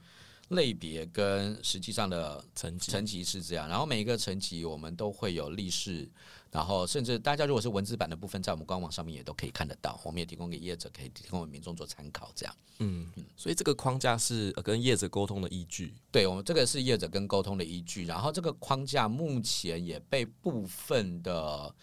類別跟實際上的層級層級是這樣，然後每一個層級我們都會有例示。然後，甚至大家如果是文字版的部分，在我們官網上面也都可以看得到。我們也提供給業者，可以提供給民眾做參考，這樣。嗯嗯。所以這個框架是跟業者溝通的依據。對，我們這個是業者跟溝通的依據。然後這個框架目前也被部分的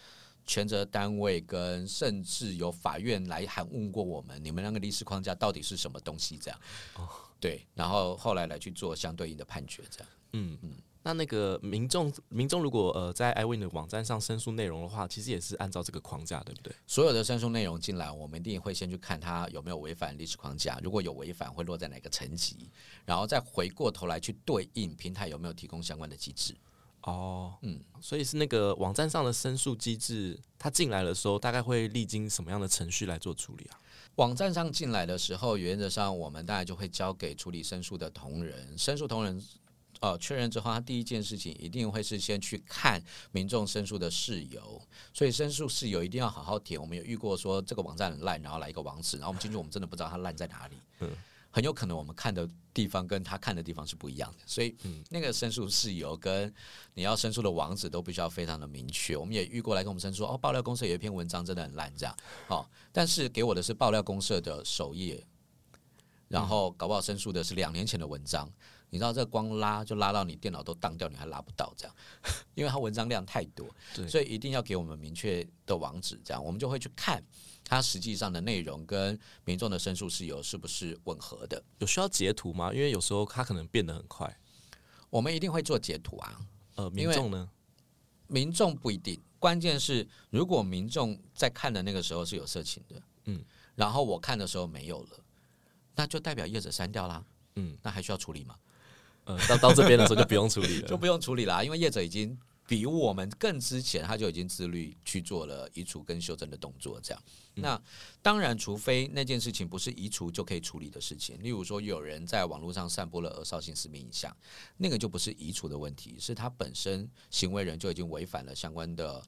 權責單位跟甚至由法院來函問過我們：你們那個例示框架到底是什麼東西？這樣。哦。對，然後後來來去做相對應的判決，這樣。嗯嗯。
那那個民眾，民眾如果呃在 iWIN 的網站上申訴內容的話，其實也是
按照這個框架，對不對？所有的申訴內容進來，我們一定會先去看它有沒有違反例示框架，如果有違反，會落在哪個層級，然後再回過頭來去對應平台有沒有提供相關的機制。哦，嗯，所以是那個網站上的申訴機制，它進來的時候大概會歷經什麼樣的程序來做處理啊？網站上進來的時候，原則上我們大概就會交給處理申訴的同仁，申訴同仁。哦，確認之後，他第一件事情一定會是先去看民眾申訴的事由，所以申訴事由一定要好好填。我們有遇過說這個網站很爛，然後來一個網址，然後我們進去，我們真的不知道它爛在哪裡。嗯，很有可能我們看的地方跟他看的地方是不一樣的，所以那個申訴事由跟你要申訴的網址都必須要非常的明確。我們也遇過來跟我們申訴哦，爆料公社有一篇文章真的很爛這樣。好，哦，但是給我的是爆料公社的首頁，然後搞不好申訴的是兩年前的文章。你知道這光拉就拉到你電腦都當掉，你還拉不到這樣，因為它文章量太多，對，所以一定要給我們明確的網址，這樣我們就會去看它實際上的內容跟民眾的申訴是有、是不是吻合的？有需要截圖嗎？因為有時候它可能變得很快，我們一定會做截圖啊。呃，民眾呢？民眾不一定，關鍵是如果民眾在看的那個時候是有色情的，嗯，然後我看的時候沒有了，那就代表業者刪掉啦，嗯，那還需要處理嗎？到 到這邊的時候就不用處理了，就不用處理了。因為業者已經比我們更之前，他就已經自律去做了移除跟修正的動作。這樣，那當然，除非那件事情不是移除就可以處理的事情，例如說有人在網絡上散播了兒少性私密影像，那個就不是移除的問題，是他本身行為人就已經違反了相關的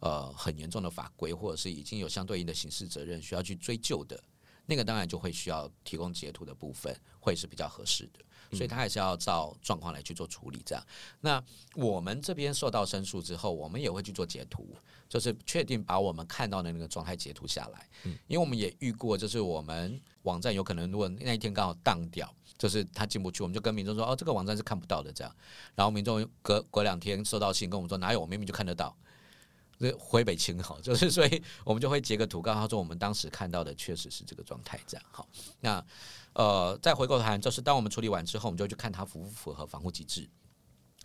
呃很嚴重的法規，或者是已經有相對應的刑事責任需要去追究的，那個當然就會需要提供截圖的部分，會是比較合適的。嗯、所以他還是要照狀況來去做處理，這樣。那我們這邊收到申訴之後，我們也會去做截圖，就是確定把我們看到的那個狀態截圖下來。嗯、因為我們也遇過，就是我們網站有可能如果那一天剛好當掉，就是他進不去，我們就跟民眾說哦，這個網站是看不到的這樣。然後民眾隔隔兩天收到信，跟我們說哪有，我明明就看得到。回北京好，就是所以我們就會截個圖，告訴他說我們當時看到的確實是這個狀態這樣好。那呃，再回過頭來，就是當我們處理完之後，我們就去看它符不符合防護機制。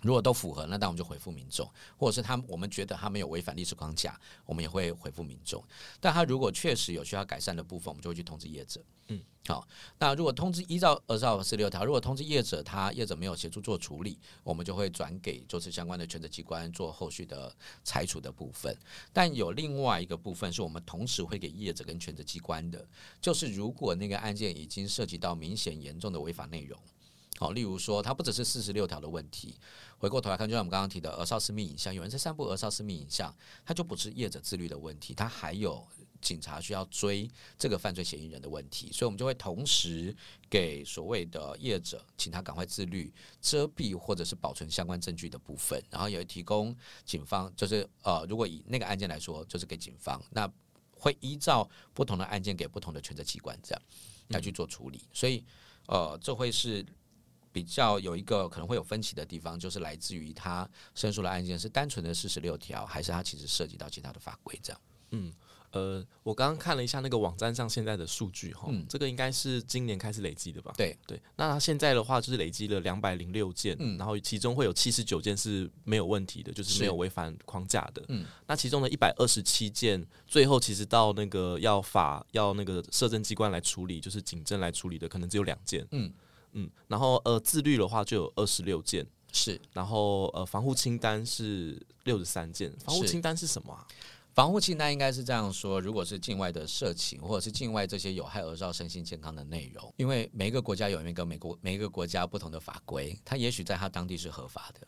如果都符合，那我們就回復民眾，或者是他我們覺得他沒有違反例示框架，我們也會回復民眾。但他如果確實有需要改善的部分，我們就會去通知業者。嗯，好。那如果通知依照二十四六條，如果通知業者他業者沒有協助做處理，我們就會轉給就是相關的權責機關做後續的拆除的部分。但有另外一個部分是我們同時會給業者跟權責機關的，就是如果那個案件已經涉及到明顯嚴重的違法內容。好，例如說，它不只是四十六條的問題。回過頭來看，就像我們剛剛提的，兒少私密影像，有人在散布兒少私密影像，它就不是業者自律的問題，它還有警察需要追這個犯罪嫌疑人的問題。所以，我們就會同時給所謂的業者，請他趕快自律，遮蔽或者是保存相關證據的部分。然後也會提供警方，就是呃，如果以那個案件來說，就是給警方，那會依照不同的案件給不同的權責機關這樣來去做處理。所以，呃，這會是。比較有一個可能會有分歧的地方，就是來自於他申訴的案件是單純的四十六條，還是他其實涉及到其他的法規？這樣，
嗯，
呃，我剛剛看了一下那個網站上現在的數據，哈，嗯，這個應該是
今年開始累積的吧？對，對。那他現在的話，就是累積了兩百零六件，嗯，然後其中會有七十九件是沒有問題的，就是沒有違反框架的，嗯。那其中的一百二十七件，最後其實到那個要法要那個社政機關來處理，就是警政來處理的，可能只有兩件，嗯。嗯，然後呃，自律的話就有二十六件，是，
然後呃，防護清單是六十三件。防護清單是什麼啊？防護清單應該是這樣說，如果是境外的色情，或者是境外這些有害兒少身心健康的內容，因為每一個國家有一個每個，每一個國家不同的法規，它也許在它當地是合法的，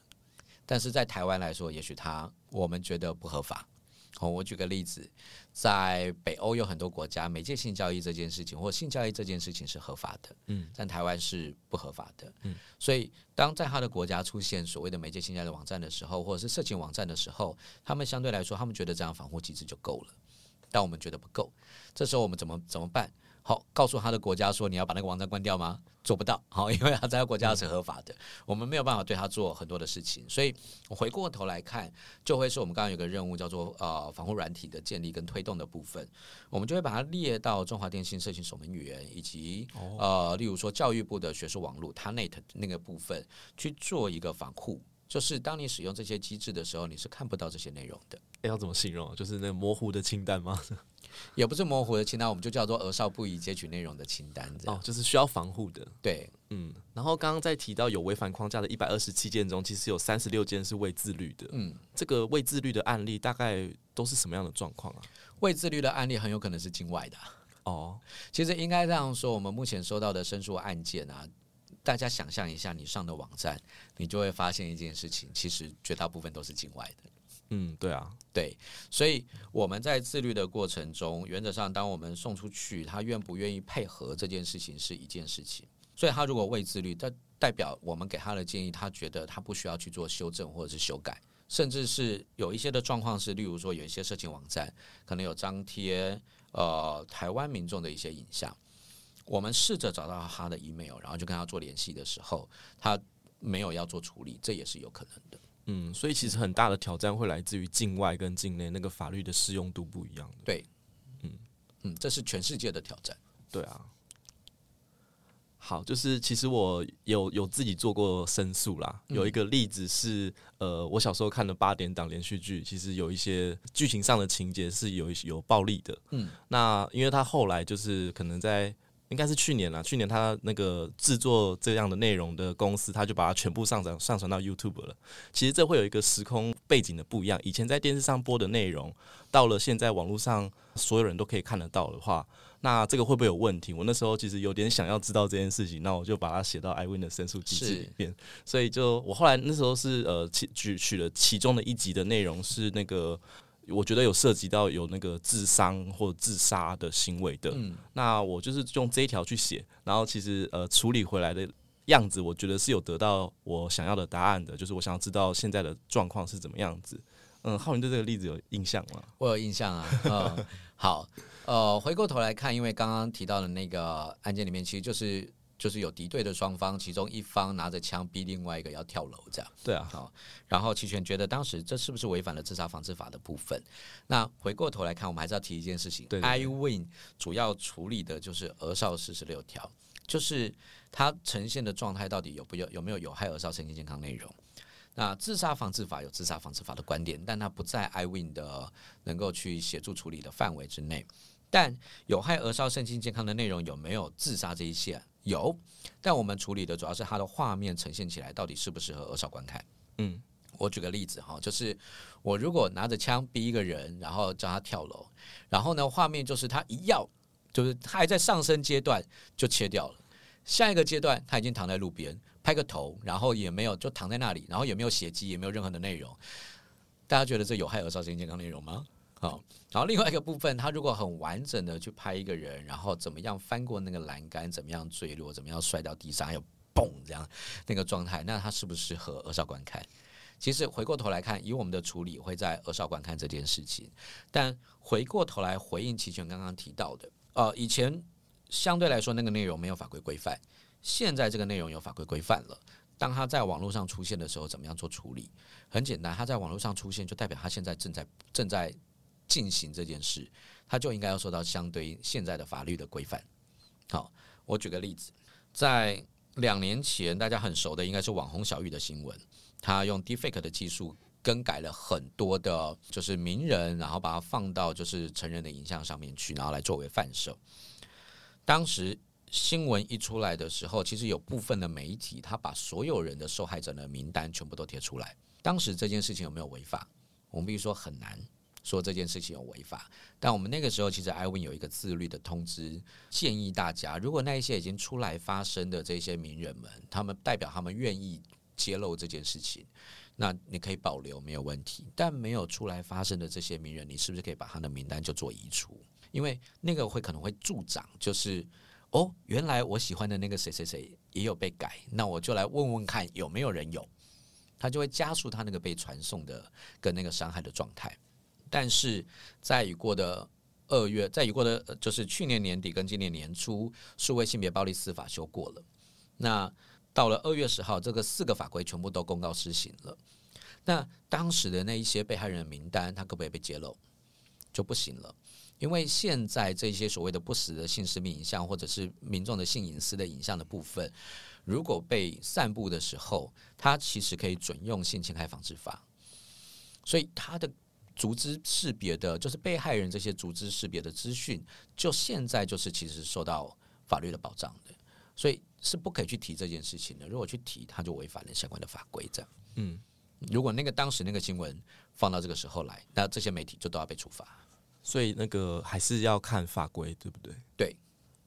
但是在台灣來說，也許它我們覺得不合法。嗯哦，我舉個例子，在北歐有很多國家，媒介性交易這件事情或性交易這件事情是合法的，嗯，但台灣是不合法的，嗯，所以當在他的國家出現所謂的媒介性交易網站的時候，或者是色情網站的時候，他們相對來說他們覺得這樣防護機制就夠了，但我們覺得不夠，這時候我們怎麼怎麼辦？好，告訴他的國家說你要把那個網站關掉嗎？做不到，好，因為他在他國家是合法的、嗯，我們沒有辦法對他做很多的事情。所以，我回過頭來看，就會是我們剛剛有個任務叫做呃，防護軟體的建立跟推動的部分，我們就會把它列到中華電信社群守門員以及、哦、呃，例如說教育部的學術網路，它內的那個部分去做一個防護，就是當你使用這些機制的時候，你是看不到這些內容的、欸。要怎麼形容、啊？就是那模糊的清單嗎？也不是模糊的清單，我們就叫做“兒少不宜接取內容”的清單，這樣、哦、
就是需要防護的。對，嗯。然後剛剛在提到有違反框架的一百二十七件中，其實有三十六件是未自律的。嗯，這個未自律的案例大概都是什麼樣的狀況
啊？未自律的案例很有可能是境外的。哦，其實應該這樣說，我們目前收到的申訴案件啊，大家想象一下，你上的網站，你就會發現一件事情，其實絕大部分都是境外的。嗯，對啊，對，所以我們在自律的過程中，原則上，當我們送出去，他願不願意配合這件事情是一件事情。所以，他如果未自律，但代表我們給他的建議，他覺得他不需要去做修正或者是修改，甚至是有一些的狀況是，例如說，有一些色情網站可能有張貼呃台灣民眾的一些影像，我們試着找到他的 email，然後就跟他做聯繫的時候，他沒有要做處理，這也是
有可能的。嗯，所以其實很大的挑戰會來自於境外跟境內那個法律的適用度不一樣的。對，嗯嗯，
這是全世界的挑戰。
對啊，好，就是其實我有有自己做過申訴啦，有一個例子是，嗯，呃，我小時候看的八點檔連續劇，其實有一些劇情上的情節是有一些有暴力的。嗯，那因為他後來就是可能在。應該是去年啦，去年他那個制作這樣的內容的公司，他就把它全部上傳上傳到 YouTube 了。其實這會有一個時空背景的不一樣，以前在電視上播的內容，到了現在網絡上所有人都可以看得到的話，那這個會不會有問題？我那時候其實有點想要知道這件事情，那我就把它寫到 iWIN 的申訴機制裡面。所以就我後來那時候是呃取取了其中的一集的內容是那個。我覺得有涉及到有那個自傷或自殺的行為的，嗯，那我就是用這一條去寫，然後其實呃處理回來的樣子，我覺得是有得到我想要的答案的，就是我想
要知道現在的狀況是怎麼樣子。嗯，昊雲對這個例子有印象嗎？我有印象啊。嗯、呃， 好，呃，回過頭來看，因為剛剛提到的那個案件裡面，其實就是。就是有敵對的雙方，其中一方拿着槍逼另外一個要跳樓這樣。對啊，好。然後齊全覺得當時這是不是違反了自殺防治法的部分？那回過頭來看，我們還是要提一件事情。對，對，對，iWIN 主要處理的就是《兒少四十六條》，就是它呈現的狀態到底有不有有沒有有害兒少身心健康內容？那自殺防治法有自殺防治法的觀點，但它不在 iWIN 的能夠去協助處理的範圍之內。但有害兒少身心健康的內容有沒有自殺這一切。有，但我們處理的主要是它的畫面呈現起來到底適不適合兒少觀看。嗯，我舉個例子哈，就是我如果拿着槍逼一個人，然後叫他跳樓，然後呢，畫面就是他一要，就是他還在上升階段就切掉了，下一個階段他已經躺在路邊，拍個頭，然後也沒有就躺在那裡，然後也沒有血跡，也沒有任何的內容，大家覺得這有害兒少身心健康內容嗎？好。然後另外一個部分，他如果很完整的去拍一個人，然後怎麼樣翻過那個欄杆，怎麼樣墜落，怎麼樣摔到地上，還有蹦這樣那個狀態，那他適不適合兒少觀看？其實回過頭來看，以我們的處理會在兒少觀看這件事情。但回過頭來回應齊全剛剛提到的，呃，以前相對來說那個內容沒有法規規範，現在這個內容有法規規範了。當他在網絡上出現的時候，怎麼樣做處理？很簡單，他在網絡上出現就代表他現在正在正在。進行這件事，他就應該要受到相對現在的法律的規範。好，我舉個例子，在兩年前大家很熟的應該是網紅小玉的新聞，他用 Deepfake 的技術更改了很多的，就是名人，然後把它放到就是成人的影像上面去，然後來作為販售。當時新聞一出來的時候，其實有部分的媒體他把所有人的受害者的名單全部都貼出來。當時這件事情有沒有違法？我們必須說很難。說這件事情有違法，但我們那個時候其實 iWIN 有一個自律的通知，建議大家，如果那一些已經出來發聲的這些名人們，他們代表他們願意揭露這件事情，那你可以保留沒有問題。但沒有出來發聲的這些名人，你是不是可以把他的名單就做移除？因為那個會可能會助長，就是哦，原來我喜歡的那個誰誰誰也有被改，那我就來問問看有沒有人有，他就會加速他那個被傳送的跟那個傷害的狀態。但是在已過的二月，在已過的就是去年年底跟今年年初，數位性別暴力司法修過了。那到了二月十號，這個四個法規全部都公告施行了。那當時的那一些被害人的名單，他可不可以被揭露？就不行了，因為現在這些所謂的不實的性私密影像，或者是民眾的性隱私的影像的部分，如果被散布的時候，他其實可以準用性侵害防治法。所以他的。足資識別的，就是被害人這些足資識別的資訊，就現在就是其實受到法律的保障的，所以是不可以去提這件事情的。如果去提，他就違反了相關的法規。這樣，嗯，如果那個當時那個新聞放到這個時候來，那這些媒體就都要被處罰。所以那個還是要看法規，對不對？對，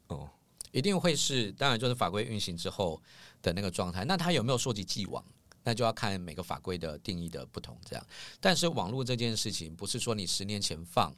哦，一定會是，當然就是法規運行之後的那個狀態。那他有沒有溯及既往？那就要看每個法規的定義的不同，這樣。但是網絡這件事情，不是說你十年前放，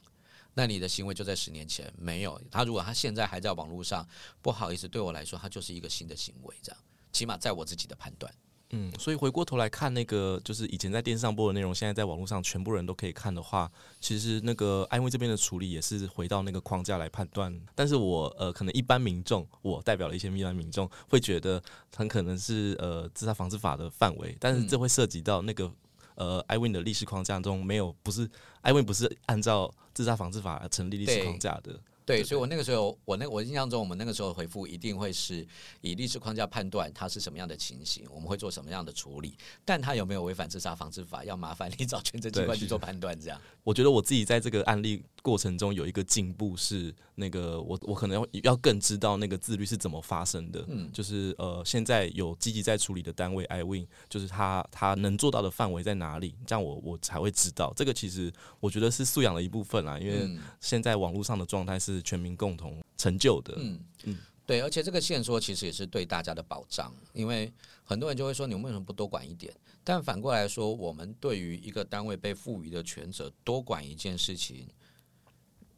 那你的行為就在十年前，沒有。他如果他現在還在網絡上，不好意思，對我來說，他就是一個新的行為，這樣。起碼在我自己的判斷。嗯，所以回過頭來看，那個
就是以前在電視上播的內容，現在在網絡上全部人都可以看的話，其實那個 iWIN 這邊的處理也是回到那個框架來判斷。但是我呃，可能一般民眾，我代表了一些一般民眾，會覺得很可能是呃自殺防治法的範圍，但是這會涉及到那個呃 iWIN 的例示框架中沒有，不是 iWIN 不是按照自殺防治法成立例示框架的。對，對，所以我
那個時候，我那我印象中，我們那個時候回復一定會是以例示框架判斷它是什麼樣的情形，我們會做什麼樣的處理，但它有沒有違反自殺防治法，要麻煩你找權責機關去做判斷。這樣，
我覺得我自己在這個案例過程中有一個進步是。那個我我可能要要更知道那個自律是怎麼發生的，嗯，就是呃現在有積極在處理的單位，iWIN，就是他他能做到的範圍在哪裡，這樣我我才會知道。這個其實我覺得是素養的一部分啦，因為現在網絡上的狀態是全民共同成就的。嗯，嗯嗯，
對，而且這個限縮其實也是對大家的保障，因為很多人就會說，你為什麼不多管一點？但反過來說，我們對於一個單位被賦予的權責，多管一件事情。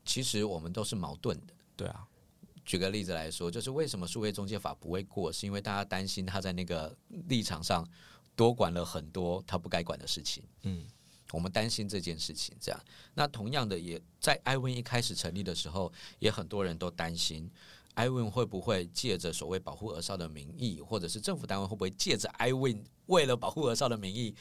其實我們都是矛盾的，對啊。舉個例子來說，就是為什麼數位中介法不會過，是因為大家擔心他在那個立場上多管了很多他不該管的事情。嗯，我們擔心這件事情這樣。那同樣的也，也在 iWIN 一開始成立的時候，也很多人都擔心 iWIN 會不會借着所謂保護兒少的名義，或者是政府單位會不會借着 iWIN 為了保護兒少的名義，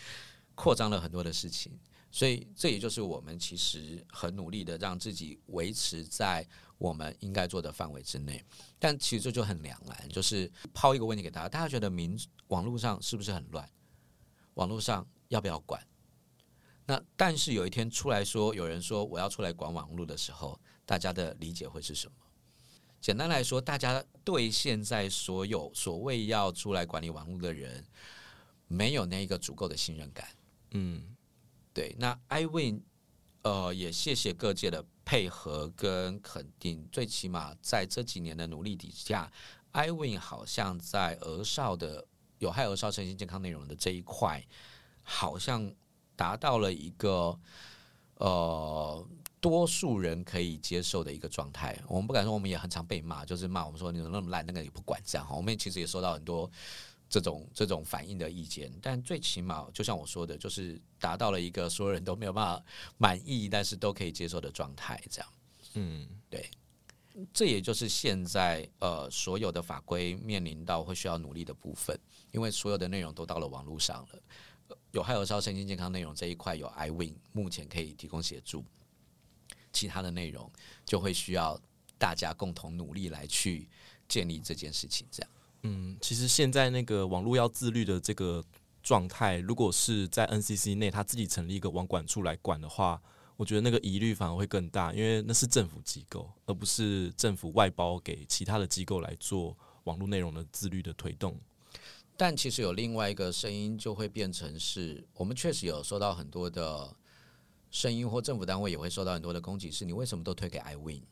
擴張了很多的事情。所以，這也就是我們其實很努力的讓自己維持在我們應該做的範圍之內。但其實這就很兩難，就是拋一個問題給大家：大家覺得民網絡上是不是很亂？網絡上要不要管？那但是有一天出來說，有人說我要出來管網絡的時候，大家的理解會是什麼？簡單來說，大家對現在所有所謂要出來管理網絡的人，沒有那一個足夠的信任感。嗯。對，那 iWIN，呃，也謝謝各界的配合跟肯定。最起碼在這幾年的努力底下，iWIN 好像在兒少的有害兒少身心健康內容的這一塊，好像達到了一個呃多數人可以接受的一個狀態。我們不敢說，我們也很常被罵，就是罵我們說你那麼爛，那個也不管這樣，我們也其實也收到很多，這種這種反應的意見，但最起碼就像我說的，就是達到了一個所有人都沒有辦法滿意，但是都可以接受的狀態。這樣，嗯，對，這也就是現在呃所有的法規面臨到會需要努力的部分，因為所有的內容都到了網絡上了。呃、還有害有傷身心健康內容這一塊有 iWIN 目前可以提供協助，其他的內容就會需要大家共同努力來去建立這件事情，這
樣。嗯，其實現在那個網絡要自律的這個狀態，如果是在 NCC 內他自己成立一個網管處來管的話，我覺得那個疑慮反而會更大，因為那是政府機構，而不是政府外包給其他的機構來做網絡內
容的自律的推動。但其實有另外一個聲音就會變成是，我們確實有收到很多的聲音，或政府單位也會收到很多的攻擊，是你為什麼都推給 iWIN？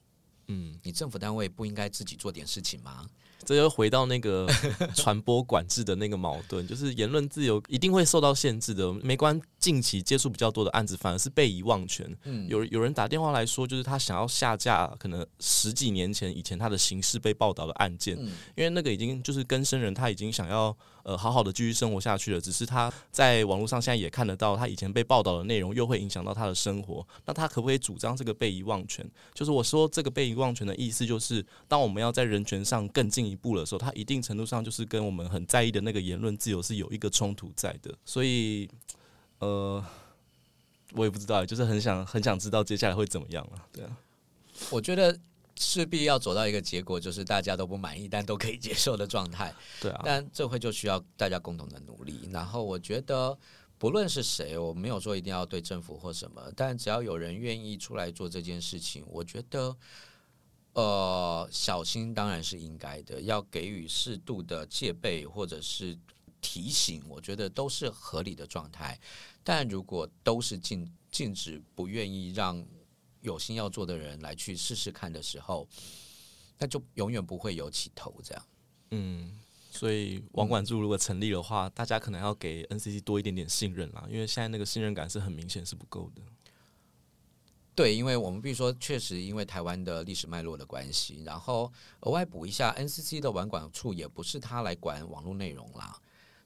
嗯，你政府單位不應該自己做點事情嗎？
這又回到那個傳播管制的那個矛盾， 就是言論自由一定會受到限制的。沒關近期接觸比較多的案子，反而是被遺忘權。嗯，有有人打電話來說，就是他想要下架可能十幾年前以前他的刑事被報道的案件，嗯、因為那個已經就是更生人，他已經想要。呃，好好的繼續生活下去了，只是他在網絡上現在也看得到，他以前被報道的內容又會影響到他的生活。那他可不可以主張這個被遺忘權？就是我說這個被遺忘權的意思，就是當我們要在人權上更進一步的時候，他一定程度上就是跟我們很在意的那個言論自由是有一個衝突在的。所以，呃，我也不知道，就是很想很想知道接下來會怎麼樣了啊。對
啊，我覺得。勢必要走到一個結果，就是大家都不滿意但都可以接受的狀態。對啊，但這回就需要大家共同的努力。然後我覺得，不論是誰，我沒有說一定要對政府或什麼，但只要有人願意出來做這件事情，我覺得，呃，小心當然是應該的，要給予適度的戒備或者是提醒，我覺得都是合理的狀態。但如果都是禁禁止，不願意讓。有心要做的人來去試試看的時候，那就永遠不會有起頭這樣。嗯，
所以網管處如果成立的話，嗯，大家可能要給 NCC 多一點點信任啦，因
為現在那個信任感是很明顯是不夠的。對，因為我們比如說，確實因為台灣的歷史脈絡的關係，然後額外補一下，NCC 的網管處也不是他來管網絡內容啦。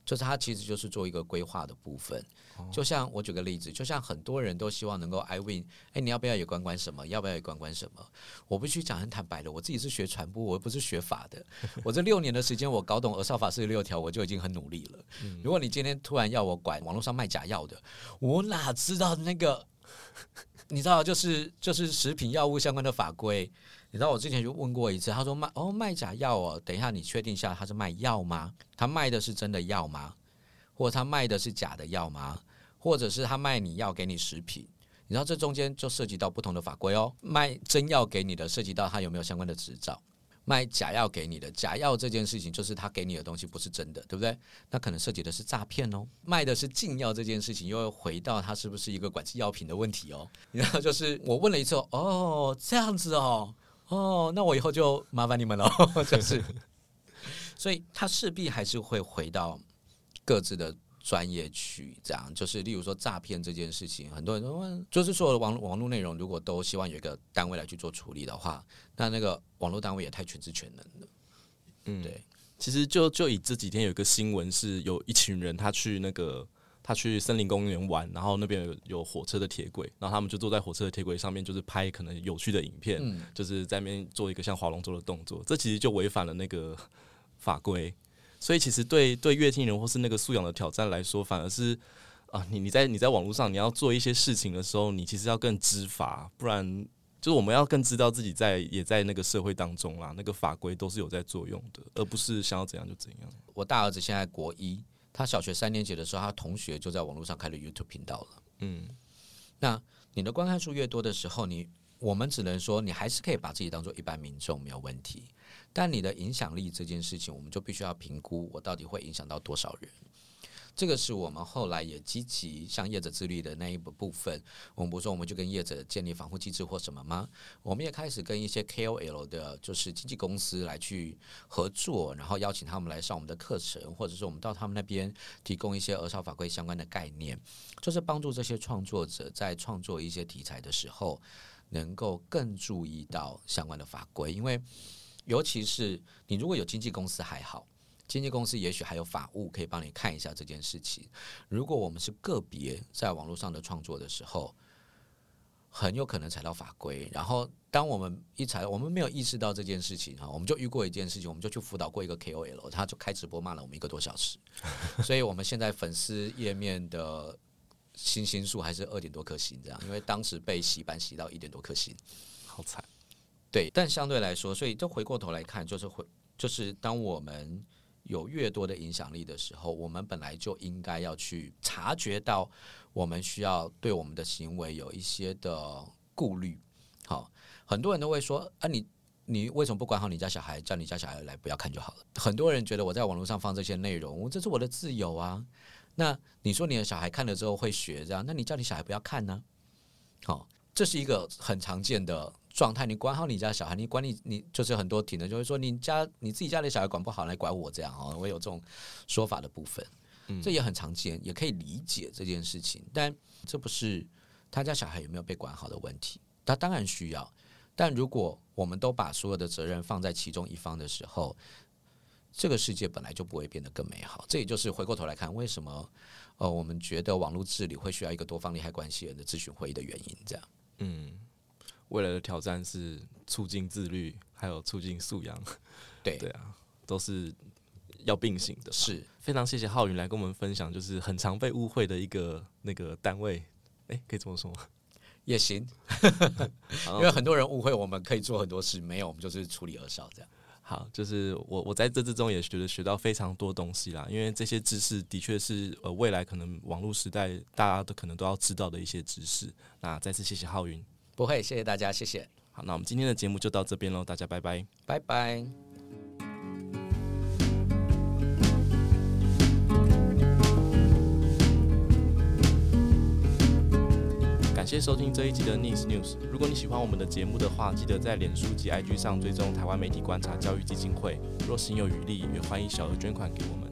就是它其實就是做一個規劃的部分，就像我舉個例子，就像很多人都希望能夠 iWIN，哎、欸，你要不要也管管什麼？要不要也管管什麼？我不去講，很坦白的，我自己是學傳播，我又不是學法的。我這六年的時間，我搞懂《兒少法》四十六條，我就已經很努力了。如果你今天突然要我管網絡上賣假藥的，我哪知道那個？你知道，就是就是食品藥物相關的法規。你知道我之前就問過一次，他說賣哦賣假藥哦，等一下你確定一下他是賣藥嗎？他賣的是真的藥嗎？或他賣的是假的藥嗎？或者是他賣你藥給你食品？你知道這中間就涉及到不同的法規哦。賣真藥給你的，涉及到他有沒有相關的執照；賣假藥給你的，假藥這件事情就是他給你的東西不是真的，對不對？那可能涉及的是詐騙哦。賣的是禁藥這件事情，又要回到它是不是一個管制藥品的問題哦。你知道，就是我問了一次哦，哦這樣子哦。哦，那我以後就麻煩你們了。就是， 所以他勢必還是會回到各自的專業去，這樣就是，例如說詐騙這件事情，很多人都問，就是說網網絡內容如果都希望有一個單位來去做處理的話，那那個網絡單位也太全知全能了。嗯，對，
其實就就以這幾天有一個新聞是，有一群人他去那個。他去森林公園玩，然後那邊有有火車的鐵軌，然後他們就坐在火車的鐵軌上面，就是拍可能有趣的影片，嗯、就是在那邊做一個像划龍舟的動作。這其實就違反了那個法規，所以其實對對閱聽人或是那個素養的挑戰來說，反而是啊，你你在你在網絡上你要做一些事情的時候，你其實要更知法，不然就是我們要更知道自己在也在那個社會當中啦，那個法規都是有在作用的，而不是想要
怎樣就怎樣。我大兒子現在國一。他小學三年級的時候，他同學就在網絡上開了 YouTube 頻道了。
嗯，
那你的觀看數越多的時候，你我們只能說你還是可以把自己當做一般民眾，沒有問題。但你的影響力這件事情，我們就必須要評估我到底會影響到多少人。這個是我們後來也積極向業者自律的那一部分。我們不說我們就跟業者建立防護機制或什麼嗎？我們也開始跟一些 KOL 的，就是經紀公司來去合作，然後邀請他們來上我們的課程，或者是我們到他們那邊提供一些兒少法規相關的概念，就是幫助這些創作者在創作一些題材的時候能夠更注意到相關的法規。因為尤其是你如果有經紀公司還好。經紀公司也許還有法務可以幫你看一下這件事情。如果我們是個別在網絡上的創作的時候，很有可能踩到法規。然後，當我們一踩，我們沒有意識到這件事情哈，我們就遇過一件事情，我們就去輔導過一個 KOL，他就開直播罵了我們一個多小時。所以我們現在粉絲頁面的星星數還是二點多顆星這樣，因為當時被洗版洗到一點多顆星，好慘。對，但相對來說，所以就回過頭來看，就是回就是當我們。有越多的影響力的時候，我們本來就應該要去察覺到，我們需要對我們的行為有一些的顧慮。好，很多人都會說：“啊你，你你為什麼不管好你家小孩，叫你家小孩來不要看就好了？”很多人覺得我在網絡上放這些內容，哦，這是我的自由啊。那你說你的小孩看了之後會學這樣，那你叫你小孩不要看呢，啊？好，這是一個很常見的。狀態，你管好你家小孩，你管你，你就是很多體的，就是說你家你自己家的小孩管不好來管我這樣哦、喔，我有這種說法的部分、嗯，這也很常見，也可以理解這件事情，但這不是他家小孩有沒有被管好的問題，他當然需要，但如果我們都把所有的責任放在其中一方的時候，這個世界本來就不會變得更美好，這也就是回過頭來看為什麼呃我們覺得網絡治理會需要一個多方利害關係人的諮詢會議的原因，這樣，嗯。未來的挑戰
是促進自律，還有促進素養。對對啊，都是要並行的。是，非常謝謝昊雲來跟我們分享，就是很常被誤會的一個那個單位。誒、欸，可以這麼說？也行， 因為很多人誤會我們可以做很多事，沒有，我們就是處理兒少這樣。好，就是我我在這之中也覺得學到非常多東西啦，因為這些知識的確是呃未來可能網絡時代大家都可能都要知道的一些知識。那再次謝謝昊雲。
不會，謝謝大家，謝謝。
好，那我們今天的節目就到這邊嘍，大家拜拜，拜拜。感謝收聽這一集的 Nice News。如果你喜歡我們的節目的話，記得在臉書及 IG 上追蹤台灣媒體觀察教育基金會。若心有餘力，也歡迎小額捐款給我們。